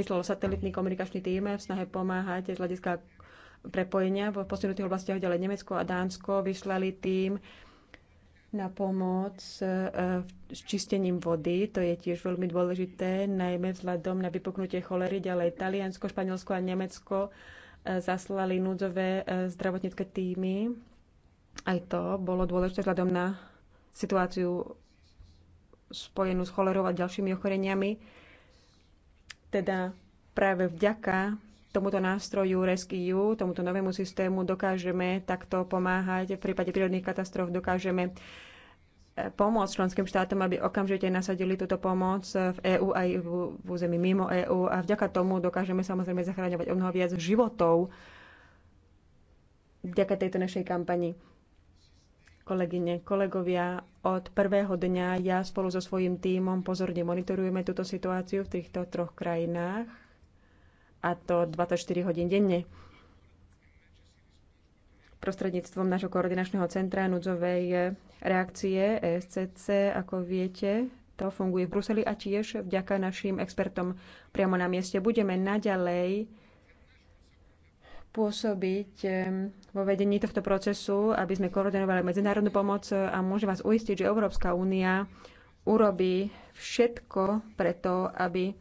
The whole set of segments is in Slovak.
vyslalo satelitný komunikačný tým, v snahe pomáhať z hľadiska prepojenia v posunutých oblastiach, ďalej Nemecko a Dánsko vyslali tým na pomoc e, s čistením vody. To je tiež veľmi dôležité, najmä vzhľadom na vypuknutie cholery. Ďalej Taliansko, Španielsko a Nemecko e, zaslali núdzové e, zdravotnícke týmy. Aj to bolo dôležité vzhľadom na situáciu spojenú s cholerou a ďalšími ochoreniami. Teda práve vďaka tomuto nástroju Rescue, tomuto novému systému dokážeme takto pomáhať. V prípade prírodných katastrof dokážeme eh, pomôcť členským štátom, aby okamžite nasadili túto pomoc v EÚ aj v, území mimo EÚ a vďaka tomu dokážeme samozrejme zachráňovať o mnoho viac životov vďaka tejto našej kampani. Kolegyne, kolegovia, od prvého dňa ja spolu so svojím tímom pozorne monitorujeme túto situáciu v týchto troch krajinách a to 24 hodín denne. Prostredníctvom nášho koordinačného centra núdzovej reakcie ESCC, ako viete, to funguje v Bruseli a tiež vďaka našim expertom priamo na mieste budeme naďalej pôsobiť vo vedení tohto procesu, aby sme koordinovali medzinárodnú pomoc a môžem vás uistiť, že Európska únia urobí všetko preto, aby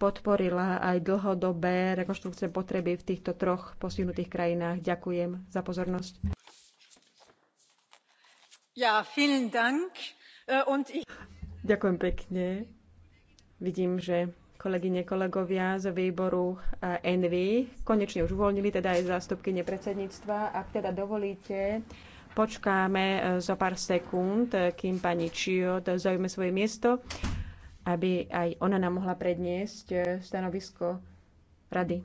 podporila aj dlhodobé rekonštrukcie potreby v týchto troch postihnutých krajinách. Ďakujem za pozornosť. Ja, vielen Dank. Äh, und ich... Ďakujem pekne. Vidím, že kolegyne, kolegovia z výboru Envy. Eh, konečne už uvoľnili teda aj zástupky nepredsedníctva. Ak teda dovolíte, počkáme eh, zo pár sekúnd, eh, kým pani Čio zaujme svoje miesto, aby aj ona nám mohla predniesť stanovisko rady.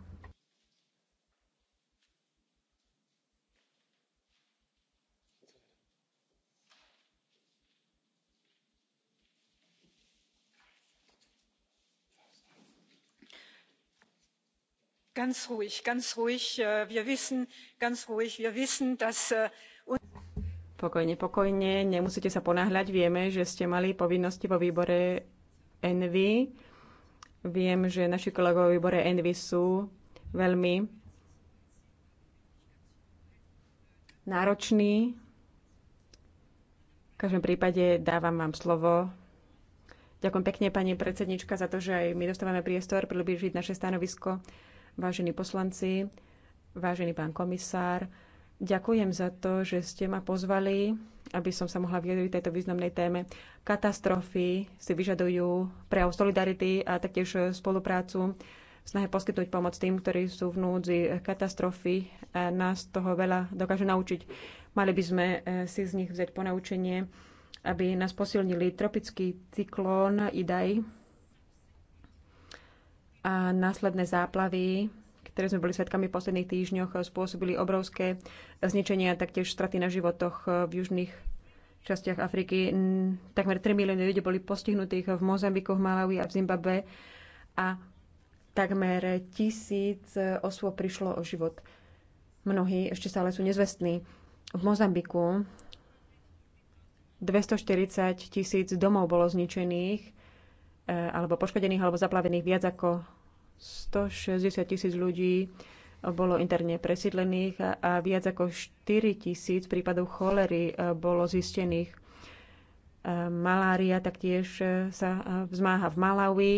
ganz ruhig ganz ruhig äh, wir wissen ganz ruhig wir wissen dass äh, Pokojne, pokojne, nemusíte sa ponáhľať. Vieme, že ste mali povinnosti vo výbore Envy. Viem, že naši kolegovia vo výbore Envy sú veľmi nároční. V každom prípade dávam vám slovo. Ďakujem pekne, pani predsednička, za to, že aj my dostávame priestor priblížiť naše stanovisko vážení poslanci, vážený pán komisár, Ďakujem za to, že ste ma pozvali, aby som sa mohla vyjadriť tejto významnej téme. Katastrofy si vyžadujú prejav solidarity a taktiež spoluprácu v snahe poskytnúť pomoc tým, ktorí sú v núdzi. Katastrofy nás toho veľa dokážu naučiť. Mali by sme eh, si z nich vziať ponaučenie, aby nás posilnili tropický cyklón Idai, a následné záplavy, ktoré sme boli svetkami v posledných týždňoch, spôsobili obrovské zničenia, a taktiež straty na životoch v južných častiach Afriky. Takmer 3 milióny ľudí boli postihnutých v Mozambiku, v Malawi a v Zimbabwe a takmer tisíc osôb prišlo o život. Mnohí ešte stále sú nezvestní. V Mozambiku 240 tisíc domov bolo zničených eh, alebo poškodených alebo zaplavených viac ako 160 tisíc ľudí bolo interne presídlených a viac ako 4 tisíc prípadov cholery eh, bolo zistených. Eh, malária taktiež eh, sa vzmáha v Malawi.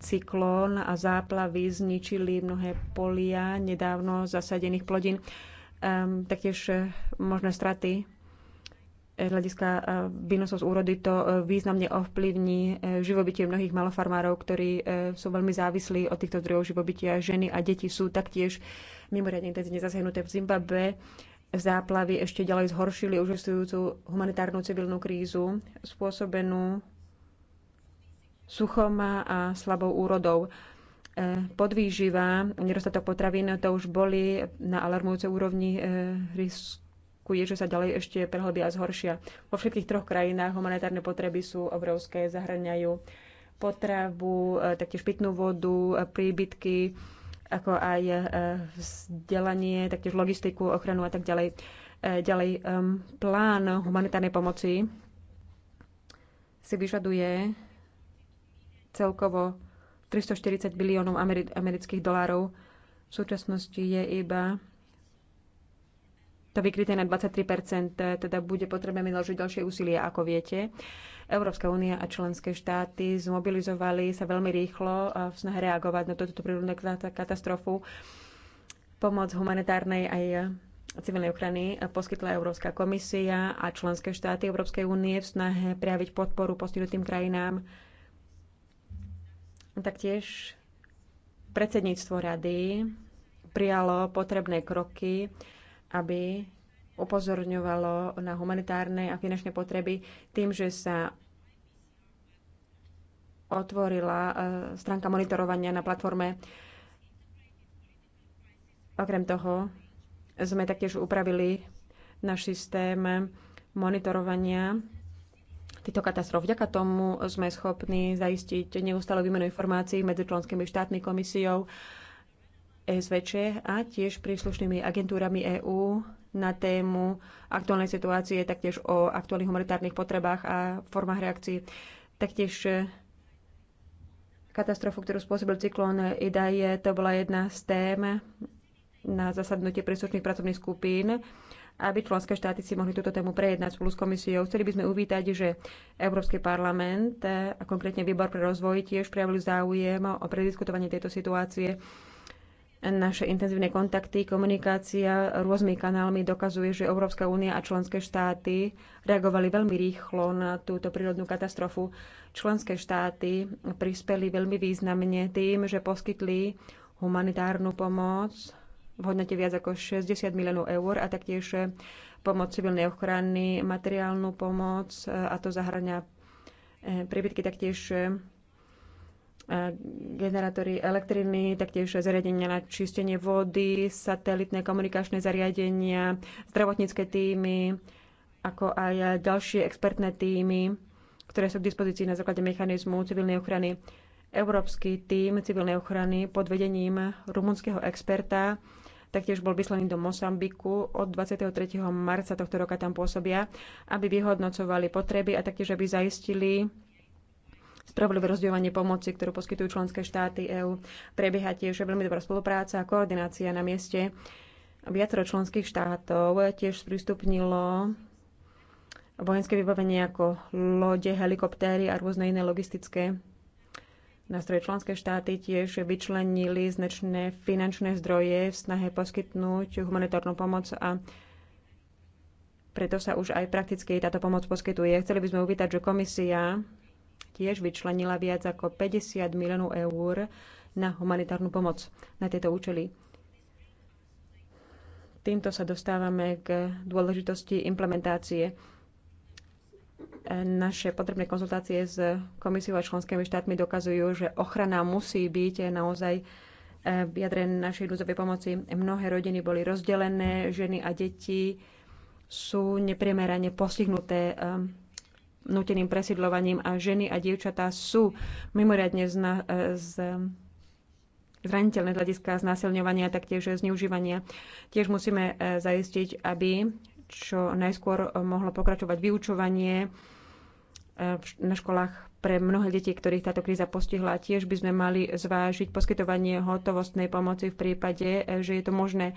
Cyklón a záplavy zničili mnohé polia nedávno zasadených plodín. Taktiež možné straty hľadiska e, výnosov z úrody to e, významne ovplyvní e, živobytie mnohých malofarmárov, ktorí sú veľmi závislí od týchto zdrojov živobytia. Ženy a deti sú taktiež mimoriadne intenzívne zasiahnuté v Zimbabve. Záplavy ešte ďalej zhoršili užistujúcu humanitárnu civilnú krízu spôsobenú suchom a slabou úrodou podvýživa, nedostatok potravín, to už boli na alarmujúcej úrovni riskuje, že sa ďalej ešte prehlbia a zhoršia. Vo všetkých troch krajinách humanitárne potreby sú obrovské, zahrňajú potravu, e, taktiež pitnú vodu, e, príbytky, ako aj e, vzdelanie, taktiež logistiku, ochranu a tak ďalej. Ďalej, plán humanitárnej pomoci si vyžaduje celkovo 340 biliónov amerických dolárov. V súčasnosti je iba to vykryté na 23%, teda bude potrebné vynaložiť ďalšie úsilie, ako viete. Európska únia a členské štáty zmobilizovali sa veľmi rýchlo v snahe reagovať na túto prírodnú katastrofu. Pomoc humanitárnej aj civilnej ochrany poskytla Európska komisia a členské štáty Európskej únie v snahe prejaviť podporu postihnutým krajinám. Taktiež predsedníctvo rady prijalo potrebné kroky aby upozorňovalo na humanitárne a finančné potreby tým, že sa otvorila e, stránka monitorovania na platforme. Okrem toho sme taktiež upravili náš systém monitorovania týchto katastrof. Vďaka tomu sme schopní zaistiť neustále výmenu informácií medzi členskými štátmi, komisiou SVČ a tiež príslušnými agentúrami EÚ na tému aktuálnej situácie, taktiež o aktuálnych humanitárnych potrebách a formách reakcií. Taktiež eh, katastrofu, ktorú spôsobil cyklón Idaje, to bola jedna z tém na zasadnutie príslušných pracovných skupín aby členské štáty si mohli túto tému prejednať spolu s komisiou. Chceli by sme uvítať, že Európsky parlament a konkrétne Výbor pre rozvoj tiež prejavili záujem o prediskutovanie tejto situácie naše intenzívne kontakty, komunikácia rôznymi kanálmi dokazuje, že Európska únia a členské štáty reagovali veľmi rýchlo na túto prírodnú katastrofu. Členské štáty prispeli veľmi významne tým, že poskytli humanitárnu pomoc v hodnote viac ako 60 miliónov eur a taktiež pomoc civilnej ochrany, materiálnu pomoc a to zahrania e, príbytky taktiež generátory elektriny, taktiež zariadenia na čistenie vody, satelitné komunikačné zariadenia, zdravotnícke týmy, ako aj ďalšie expertné týmy, ktoré sú k dispozícii na základe mechanizmu civilnej ochrany. Európsky tým civilnej ochrany pod vedením rumunského experta taktiež bol vyslaný do Mosambiku. Od 23. marca tohto roka tam pôsobia, aby vyhodnocovali potreby a taktiež aby zaistili spravodlivé rozdielanie pomoci, ktorú poskytujú členské štáty EÚ. Prebieha tiež veľmi dobrá spolupráca a koordinácia na mieste. Viacero členských štátov tiež sprístupnilo vojenské vybavenie ako lode, helikoptéry a rôzne iné logistické nástroje. Členské štáty tiež vyčlenili značné finančné zdroje v snahe poskytnúť humanitárnu pomoc a preto sa už aj prakticky táto pomoc poskytuje. Chceli by sme uvítať, že komisia tiež vyčlenila viac ako 50 miliónov eur na humanitárnu pomoc na tieto účely. Týmto sa dostávame k dôležitosti implementácie. Naše potrebné konzultácie s komisiou a členskými štátmi dokazujú, že ochrana musí byť naozaj eh, v jadre našej núdzovej pomoci. Mnohé rodiny boli rozdelené, ženy a deti sú neprimerane postihnuté eh, nuteným presidľovaním a ženy a dievčatá sú mimoriadne zna, e, z, zraniteľné hľadiska znásilňovania a taktiež zneužívania. Tiež musíme e, zaistiť, aby čo najskôr e, mohlo pokračovať vyučovanie na školách pre mnohé deti, ktorých táto kríza postihla. Tiež by sme mali zvážiť poskytovanie hotovostnej pomoci v prípade, že je to možné.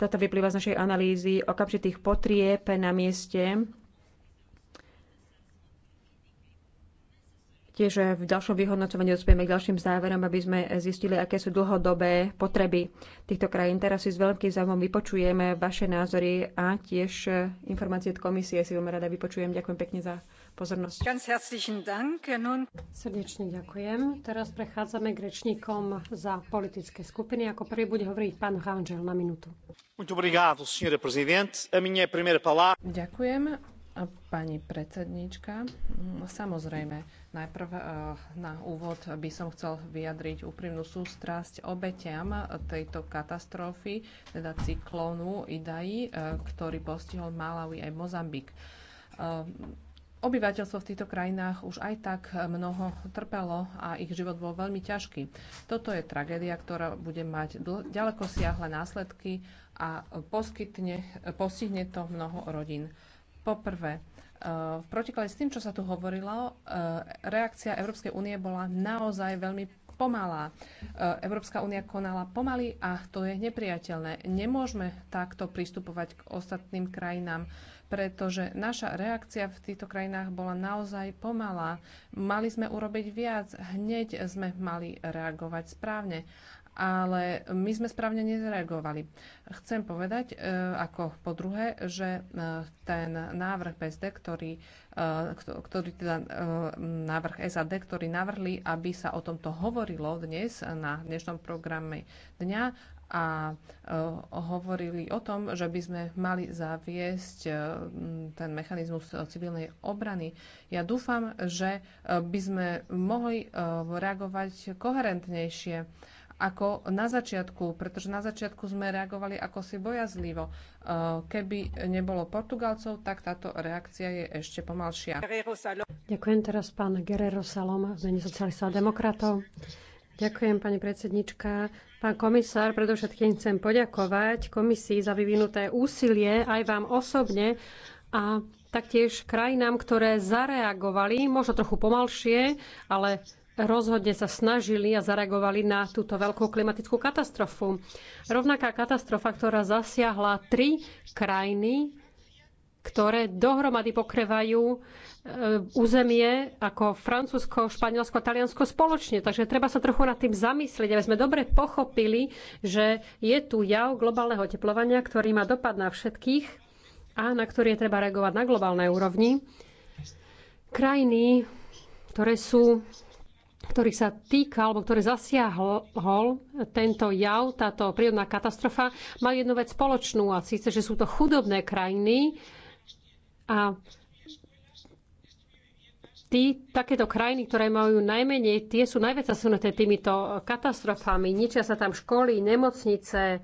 Táto vyplýva z našej analýzy okamžitých potrieb na mieste Tiež v ďalšom vyhodnocovaní dospieme k ďalším záverom, aby sme zistili, aké sú dlhodobé potreby týchto krajín. Teraz si s veľkým záujmom vypočujeme vaše názory a tiež eh, informácie od komisie si veľmi rada vypočujem. Ďakujem pekne za pozornosť. Srdečne ďakujem. Teraz prechádzame k rečníkom za politické skupiny. Ako prvý bude hovoriť pán Rangel na minútu. Ďakujem, Pani predsednička, mm, samozrejme, najprv eh, na úvod by som chcel vyjadriť úprimnú sústrasť obetiam tejto katastrofy, teda cyklónu Idai, eh, ktorý postihol Malawi aj Mozambik. Eh, obyvateľstvo v týchto krajinách už aj tak mnoho trpelo a ich život bol veľmi ťažký. Toto je tragédia, ktorá bude mať ďaleko siahle následky a poskytne, postihne to mnoho rodín. Poprvé, e, v protiklade s tým, čo sa tu hovorilo, e, reakcia Európskej únie bola naozaj veľmi pomalá. E, Európska únia konala pomaly a to je nepriateľné. Nemôžeme takto pristupovať k ostatným krajinám, pretože naša reakcia v týchto krajinách bola naozaj pomalá. Mali sme urobiť viac, hneď sme mali reagovať správne ale my sme správne nezareagovali. Chcem povedať, e, ako po druhé, že e, ten návrh PSD, ktorý, e, ktorý teda návrh SAD, ktorý navrhli, aby sa o tomto hovorilo dnes na dnešnom programe dňa a hovorili o tom, že by sme mali zaviesť ten mechanizmus civilnej obrany. Ja dúfam, že by sme mohli reagovať koherentnejšie ako na začiatku, pretože na začiatku sme reagovali ako si bojazlivo. E, keby nebolo Portugalcov, tak táto reakcia je ešte pomalšia. Ďakujem teraz pán Guerrero Salom, zmení socialistov a demokratov. Ďakujem, pani predsednička. Pán komisár, predovšetkým chcem poďakovať komisii za vyvinuté úsilie aj vám osobne a taktiež krajinám, ktoré zareagovali, možno trochu pomalšie, ale rozhodne sa snažili a zareagovali na túto veľkú klimatickú katastrofu. Rovnaká katastrofa, ktorá zasiahla tri krajiny, ktoré dohromady pokrývajú e, územie ako Francúzsko, Španielsko a Taliansko spoločne. Takže treba sa trochu nad tým zamyslieť, aby sme dobre pochopili, že je tu jav globálneho teplovania, ktorý má dopad na všetkých a na ktorý je treba reagovať na globálnej úrovni. Krajiny, ktoré sú ktorý sa týka, alebo ktoré zasiahol tento jav, táto prírodná katastrofa, má jednu vec spoločnú a síce, že sú to chudobné krajiny a tí, takéto krajiny, ktoré majú najmenej, tie sú najviac zasunuté týmito katastrofami. Ničia sa tam školy, nemocnice.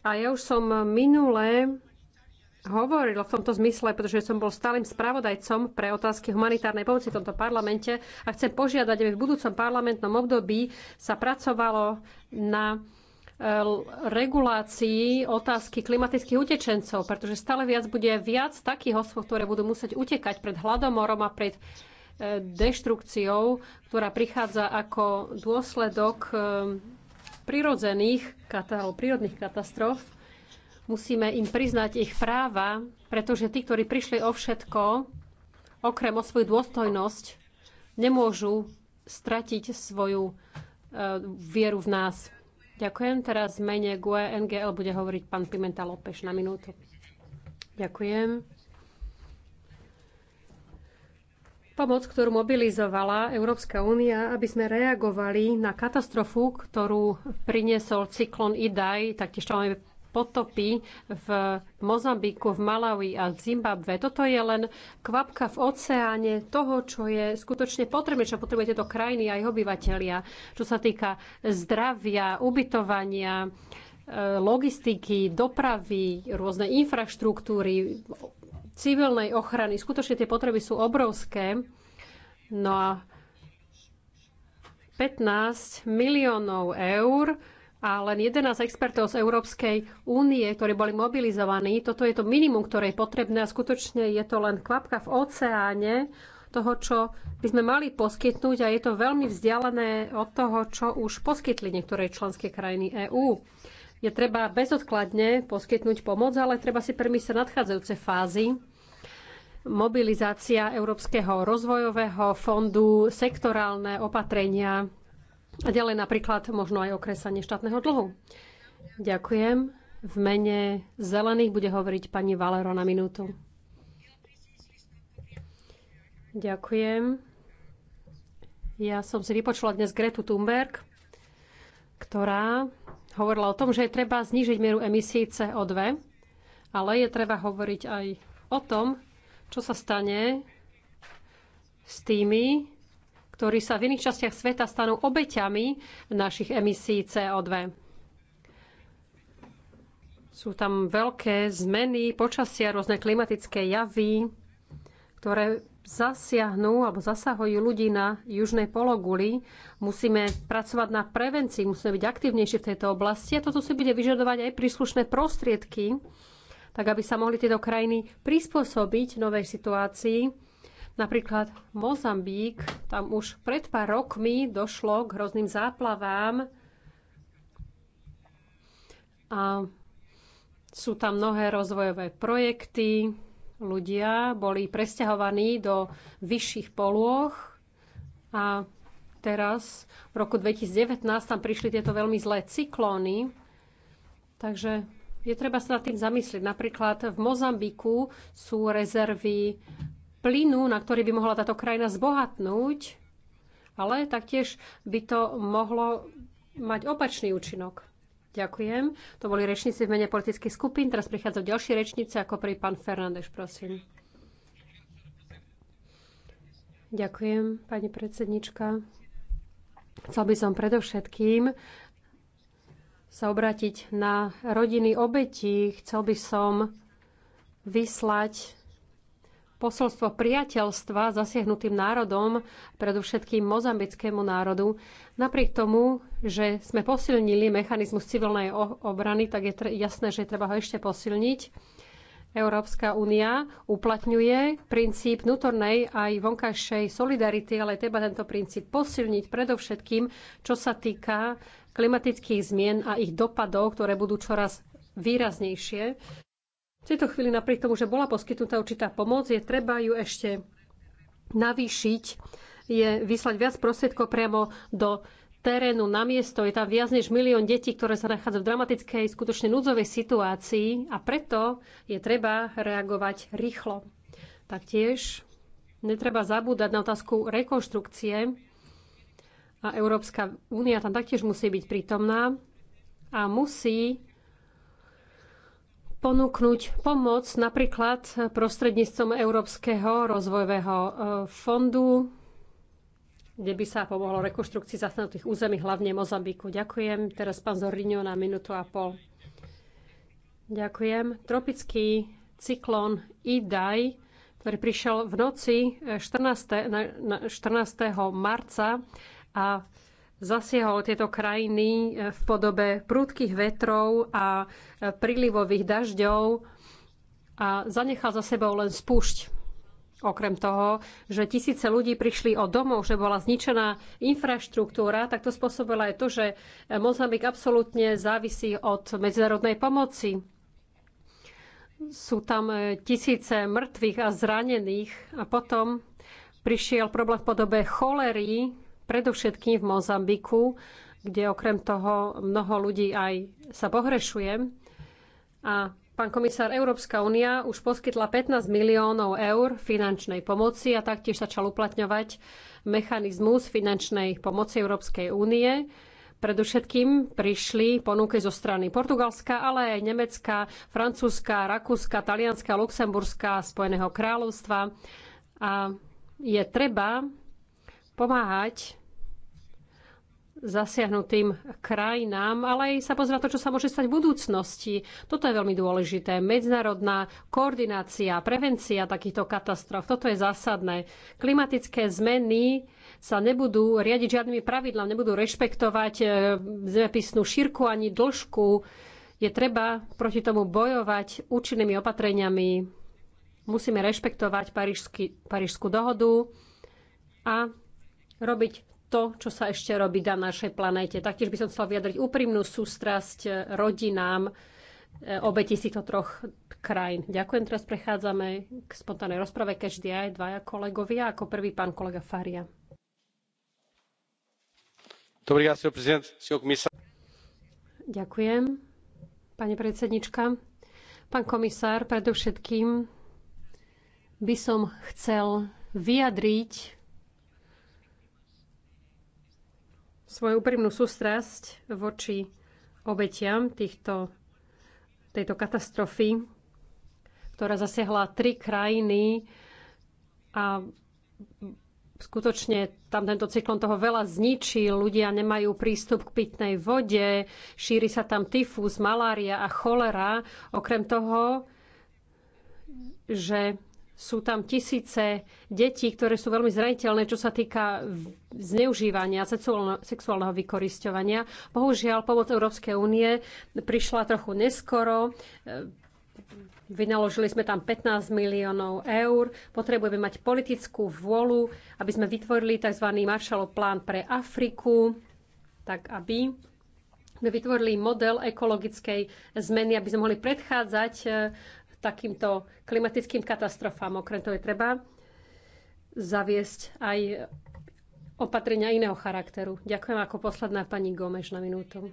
A ja už som minule hovoril v tomto zmysle, pretože som bol stálym spravodajcom pre otázky humanitárnej pomoci v tomto parlamente a chcem požiadať, aby v budúcom parlamentnom období sa pracovalo na e, regulácii otázky klimatických utečencov, pretože stále viac bude viac takých osôb, ktoré budú musieť utekať pred hladomorom a pred e, deštrukciou, ktorá prichádza ako dôsledok e, prirodzených, prírodných katastrof. Musíme im priznať ich práva, pretože tí, ktorí prišli o všetko, okrem o svoju dôstojnosť, nemôžu stratiť svoju e, vieru v nás. Ďakujem. Teraz v mene GUE NGL bude hovoriť pán Pimenta Lopeš na minútu. Ďakujem. Pomoc, ktorú mobilizovala Európska únia, aby sme reagovali na katastrofu, ktorú priniesol cyklon Idaj, taktiež máme potopy v Mozambiku, v Malawi a v Zimbabve. Toto je len kvapka v oceáne toho, čo je skutočne potrebné, čo potrebuje tieto krajiny a ich obyvateľia, čo sa týka zdravia, ubytovania, e, logistiky, dopravy, rôzne infraštruktúry, civilnej ochrany. Skutočne tie potreby sú obrovské. No a 15 miliónov eur a len 11 expertov z Európskej únie, ktorí boli mobilizovaní. Toto je to minimum, ktoré je potrebné a skutočne je to len kvapka v oceáne toho, čo by sme mali poskytnúť a je to veľmi vzdialené od toho, čo už poskytli niektoré členské krajiny EÚ. Je treba bezodkladne poskytnúť pomoc, ale treba si premyslieť nadchádzajúce fázy, mobilizácia Európskeho rozvojového fondu, sektorálne opatrenia, a ďalej napríklad možno aj okresanie štátneho dlhu. Ďakujem. V mene zelených bude hovoriť pani Valero na minútu. Ďakujem. Ja som si vypočula dnes Gretu Thunberg, ktorá hovorila o tom, že je treba znížiť mieru emisí CO2, ale je treba hovoriť aj o tom, čo sa stane s tými, ktorí sa v iných častiach sveta stanú obeťami našich emisí CO2. Sú tam veľké zmeny počasia, rôzne klimatické javy, ktoré zasiahnu alebo zasahujú ľudí na južnej pologuli. Musíme pracovať na prevencii, musíme byť aktívnejší v tejto oblasti a toto si bude vyžadovať aj príslušné prostriedky, tak aby sa mohli tieto krajiny prispôsobiť novej situácii Napríklad Mozambík, tam už pred pár rokmi došlo k hrozným záplavám a sú tam mnohé rozvojové projekty, ľudia boli presťahovaní do vyšších polôch a teraz v roku 2019 tam prišli tieto veľmi zlé cyklóny, takže je treba sa nad tým zamyslieť. Napríklad v Mozambiku sú rezervy plynu, na ktorý by mohla táto krajina zbohatnúť, ale taktiež by to mohlo mať opačný účinok. Ďakujem. To boli rečníci v mene politických skupín. Teraz prichádzajú ďalšie rečníci, ako pri pán Fernández, prosím. Ďakujem, pani predsednička. Chcel by som predovšetkým sa obrátiť na rodiny obetí. Chcel by som vyslať posolstvo priateľstva zasiahnutým národom, predovšetkým mozambickému národu. Napriek tomu, že sme posilnili mechanizmus civilnej obrany, tak je jasné, že treba ho ešte posilniť. Európska únia uplatňuje princíp vnútornej aj vonkajšej solidarity, ale treba tento princíp posilniť predovšetkým, čo sa týka klimatických zmien a ich dopadov, ktoré budú čoraz výraznejšie. V tejto chvíli napriek tomu, že bola poskytnutá určitá pomoc, je treba ju ešte navýšiť, je vyslať viac prostriedkov priamo do terénu na miesto. Je tam viac než milión detí, ktoré sa nachádzajú v dramatickej, skutočne núdzovej situácii a preto je treba reagovať rýchlo. Taktiež netreba zabúdať na otázku rekonštrukcie a Európska únia tam taktiež musí byť prítomná a musí ponúknuť pomoc napríklad prostredníctvom Európskeho rozvojového e, fondu, kde by sa pomohlo rekonštrukcii zastanutých území, hlavne Mozambiku. Ďakujem. Teraz pán Zorriňo na minútu a pol. Ďakujem. Tropický cyklón Idai, ktorý prišiel v noci 14. E, 14. marca a zasiahol tieto krajiny e, v podobe prúdkých vetrov a e, prílivových dažďov a zanechal za sebou len spúšť. Okrem toho, že tisíce ľudí prišli o domov, že bola zničená infraštruktúra, tak to spôsobilo aj to, že e, Mozambik absolútne závisí od medzinárodnej pomoci. Sú tam tisíce mŕtvych a zranených a potom prišiel problém v podobe cholery, predovšetkým v Mozambiku, kde okrem toho mnoho ľudí aj sa pohrešuje. A pán komisár, Európska únia už poskytla 15 miliónov eur finančnej pomoci a taktiež začal uplatňovať mechanizmus finančnej pomoci Európskej únie. Predovšetkým prišli ponuky zo strany Portugalska, ale aj Nemecka, Francúzska, Rakúska, Talianska, Luxemburska, Spojeného kráľovstva. A je treba pomáhať zasiahnutým krajinám, ale aj sa pozrieť to, čo sa môže stať v budúcnosti. Toto je veľmi dôležité. Medzinárodná koordinácia, prevencia takýchto katastrof, toto je zásadné. Klimatické zmeny sa nebudú riadiť žiadnymi pravidlami, nebudú rešpektovať e, zemepisnú šírku ani dĺžku. Je treba proti tomu bojovať účinnými opatreniami. Musíme rešpektovať Parížskú dohodu a robiť to, čo sa ešte robí na našej planéte. Taktiež by som chcela vyjadriť úprimnú sústrasť rodinám eh, obeti týchto troch krajín. Ďakujem, teraz prechádzame k spontánnej rozprave. Každý aj dvaja kolegovia, ako prvý pán kolega Faria. Dobrý deň, prezident, komisár. Ďakujem, pani predsednička. Pán komisár, predovšetkým by som chcel vyjadriť svoju úprimnú sústrasť voči obetiam týchto, tejto katastrofy, ktorá zasiahla tri krajiny a skutočne tam tento cyklon toho veľa zničí, ľudia nemajú prístup k pitnej vode, šíri sa tam tyfus, malária a cholera. Okrem toho, že sú tam tisíce detí, ktoré sú veľmi zraniteľné, čo sa týka zneužívania, sexuálneho vykorisťovania. Bohužiaľ, pomoc Európskej únie prišla trochu neskoro. Vynaložili sme tam 15 miliónov eur. Potrebujeme mať politickú vôľu, aby sme vytvorili tzv. Marshallov plán pre Afriku, tak aby sme vytvorili model ekologickej zmeny, aby sme mohli predchádzať takýmto klimatickým katastrofám. Okrem toho je treba zaviesť aj opatrenia iného charakteru. Ďakujem ako posledná pani Gomeš na minútu.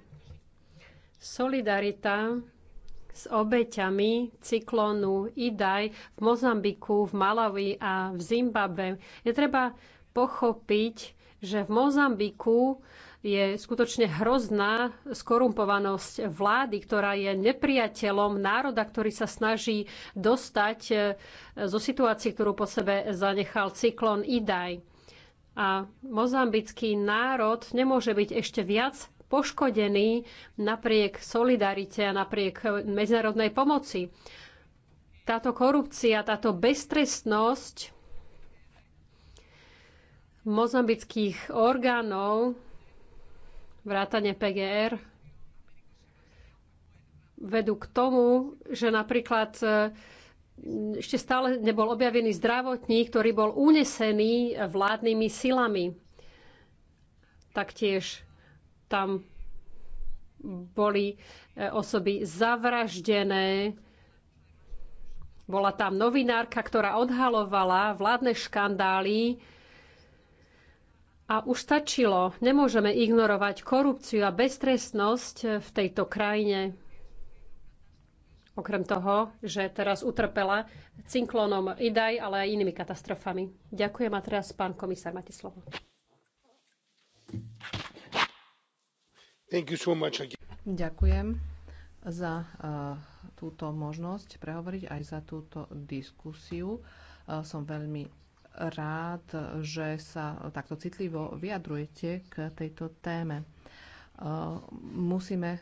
Solidarita s obeťami cyklónu Idaj v Mozambiku, v Malawi a v Zimbabwe. Je treba pochopiť, že v Mozambiku je skutočne hrozná skorumpovanosť vlády, ktorá je nepriateľom národa, ktorý sa snaží dostať e, zo situácie, ktorú po sebe zanechal cyklon Idaj. A mozambický národ nemôže byť ešte viac poškodený napriek solidarite a napriek medzinárodnej pomoci. Táto korupcia, táto beztrestnosť mozambických orgánov vrátane PGR, vedú k tomu, že napríklad e, ešte stále nebol objavený zdravotník, ktorý bol unesený vládnymi silami. Taktiež tam boli e, osoby zavraždené. Bola tam novinárka, ktorá odhalovala vládne škandály a už stačilo, nemôžeme ignorovať korupciu a beztrestnosť v tejto krajine. Okrem toho, že teraz utrpela cyklónom Idaj, ale aj inými katastrofami. Ďakujem a teraz pán komisár, máte slovo. So Ďakujem za uh, túto možnosť prehovoriť aj za túto diskusiu. Uh, som veľmi rád, že sa takto citlivo vyjadrujete k tejto téme. E, musíme e,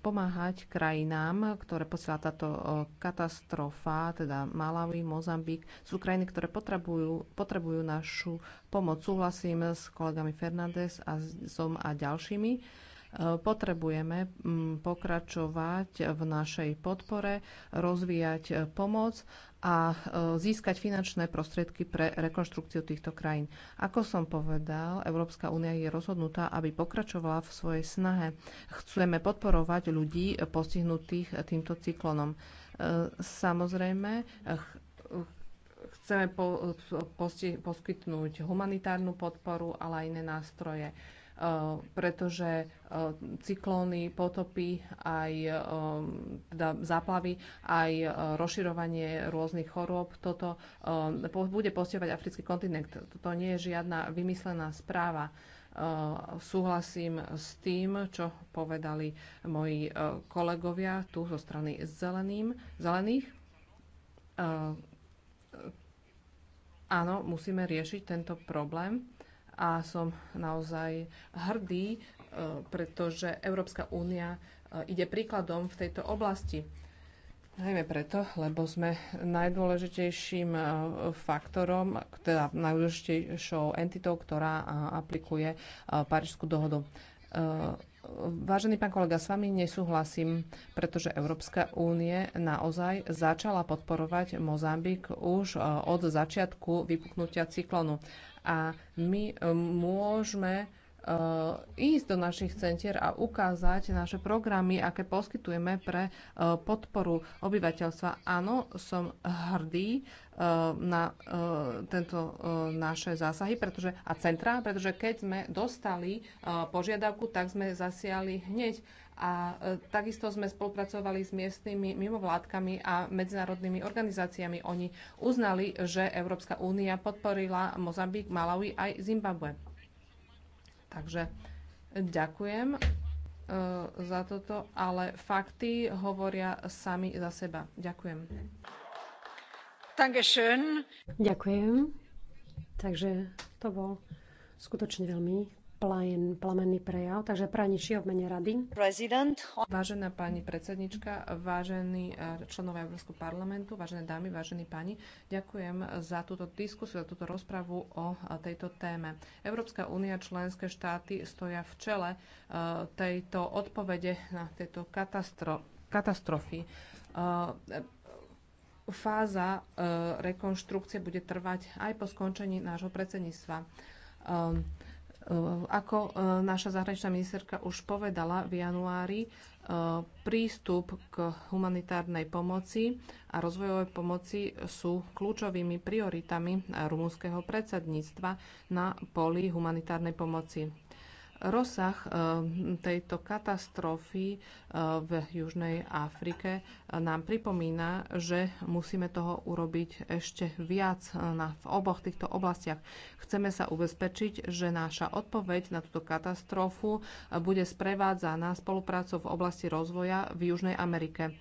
pomáhať krajinám, ktoré posiela táto e, katastrofa, teda Malawi, Mozambik. Sú krajiny, ktoré potrebujú, potrebujú našu pomoc. Súhlasím s kolegami Fernández a Som a ďalšími potrebujeme pokračovať v našej podpore, rozvíjať pomoc a e, získať finančné prostriedky pre rekonštrukciu týchto krajín. Ako som povedal, Európska únia je rozhodnutá, aby pokračovala v svojej snahe. Chceme podporovať ľudí postihnutých týmto cyklonom. E, samozrejme, chceme poskytnúť humanitárnu podporu, ale aj iné nástroje. Eh, pretože eh, cyklóny, potopy, aj eh, teda záplavy, aj rozširovanie rôznych chorôb, toto bude postihovať africký kontinent. Toto nie je žiadna vymyslená správa. Súhlasím s tým, čo povedali moji kolegovia tu zo strany zeleným, zelených. Áno, musíme riešiť tento problém a som naozaj hrdý, e, pretože Európska únia e, ide príkladom v tejto oblasti. Najmä preto, lebo sme najdôležitejším e, faktorom, teda najdôležitejšou entitou, ktorá aplikuje Parížskú dohodu. Vážený pán kolega, s vami nesúhlasím, pretože Európska únie naozaj začala podporovať Mozambik už od začiatku vypuknutia cyklonu a my e, môžeme e, ísť do našich centier a ukázať naše programy, aké poskytujeme pre e, podporu obyvateľstva. Áno, som hrdý na tento naše zásahy pretože, a centra, pretože keď sme dostali požiadavku, tak sme zasiali hneď a e, takisto sme spolupracovali s miestnymi mimovládkami a medzinárodnými organizáciami. Oni uznali, že Európska únia podporila Mozambik, Malawi aj Zimbabwe. Takže e, ďakujem e, za toto, ale fakty hovoria sami za seba. Ďakujem. Ďakujem. Takže to bol skutočne veľmi Plajen, plamenný prejav, takže praniči v mene rady. President. Vážená pani predsednička, vážení eh, členovia Európskeho parlamentu, vážené dámy, vážení páni, ďakujem za túto diskusiu, za túto rozpravu o eh, tejto téme. Európska únia, členské štáty stoja v čele eh, tejto odpovede na tieto katastro- katastrofy fáza e, rekonštrukcie bude trvať aj po skončení nášho predsedníctva. E, Eh, ako eh, naša zahraničná ministerka už povedala v januári, eh, prístup k humanitárnej pomoci a rozvojovej pomoci sú kľúčovými prioritami rumúnskeho predsedníctva na poli humanitárnej pomoci. Rozsah eh, tejto katastrofy eh, v Južnej Afrike eh, nám pripomína, že musíme toho urobiť ešte viac v oboch týchto oblastiach. Chceme sa ubezpečiť, že naša odpoveď na túto katastrofu bude sprevádzaná spoluprácou v oblasti rozvoja v Južnej Amerike.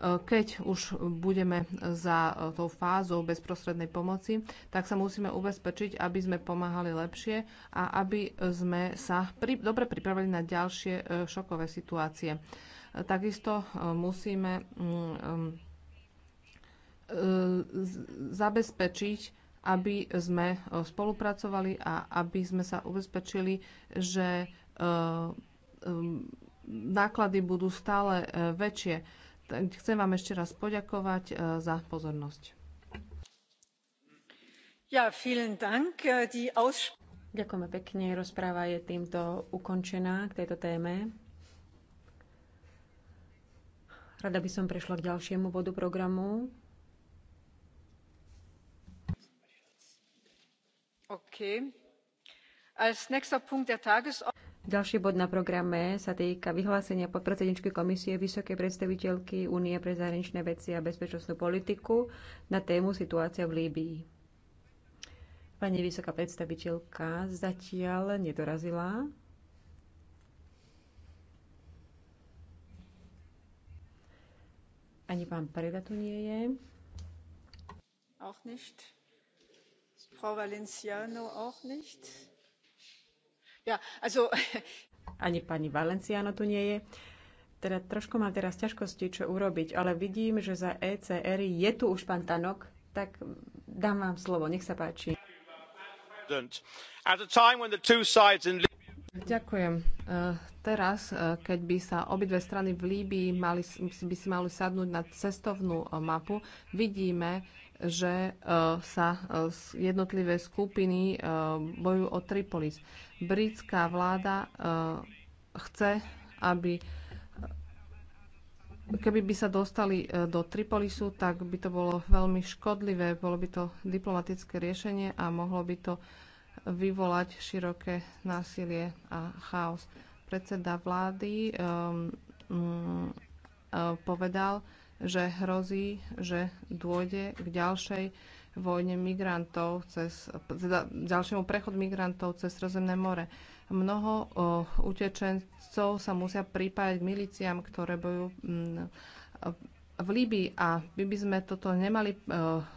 Keď už budeme za e, tou fázou bezprostrednej pomoci, tak sa musíme ubezpečiť, aby sme pomáhali lepšie a aby sme sa pri, dobre pripravili na ďalšie e, šokové situácie. E, takisto musíme mm, zabezpečiť, aby sme spolupracovali a aby sme sa ubezpečili, že náklady budú stále väčšie Chcem vám ešte raz poďakovať eh, za pozornosť. Ja, vielen Dank. Eh, die Aus... Ďakujeme pekne. Rozpráva je týmto ukončená k tejto téme. Rada by som prešla k ďalšiemu bodu programu. Okay. Als nächster Punkt der Tagesordnung ďalší bod na programe sa týka vyhlásenia podpredsedničky komisie Vysokej predstaviteľky Únie pre zahraničné veci a bezpečnostnú politiku na tému situácia v Líbii. Pani vysoká predstaviteľka zatiaľ nedorazila. Ani pán Preda tu nie je. Auch nicht. Frau Valenciano auch nicht. Ja, also... Ani pani Valenciano tu nie je. Teda trošku mám teraz ťažkosti, čo urobiť, ale vidím, že za ECR je tu už pán Tanok, tak dám vám slovo, nech sa páči. Ďakujem. E, teraz, e, keď by sa obidve strany v Líbii mali, by si mali sadnúť na cestovnú e, mapu, vidíme, že e, sa e, jednotlivé skupiny e, bojujú o Tripolis. Britská vláda chce, aby keby by sa dostali do Tripolisu, tak by to bolo veľmi škodlivé, bolo by to diplomatické riešenie a mohlo by to vyvolať široké násilie a chaos. Predseda vlády um, um, povedal, že hrozí, že dôjde k ďalšej vojne migrantov cez, teda ďalšiemu prechod migrantov cez Srozemné more. Mnoho o, utečencov sa musia pripájať k miliciám, ktoré bojujú v Libii a my by sme toto nemali e,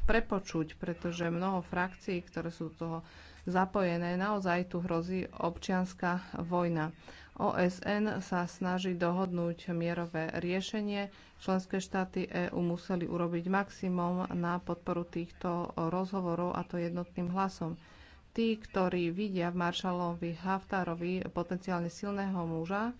prepočuť, pretože mnoho frakcií, ktoré sú do toho zapojené, naozaj tu hrozí občianská vojna. OSN sa snaží dohodnúť mierové riešenie. Členské štáty EÚ museli urobiť maximum na podporu týchto rozhovorov a to jednotným hlasom. Tí, ktorí vidia v maršalovi Haftárovi potenciálne silného muža,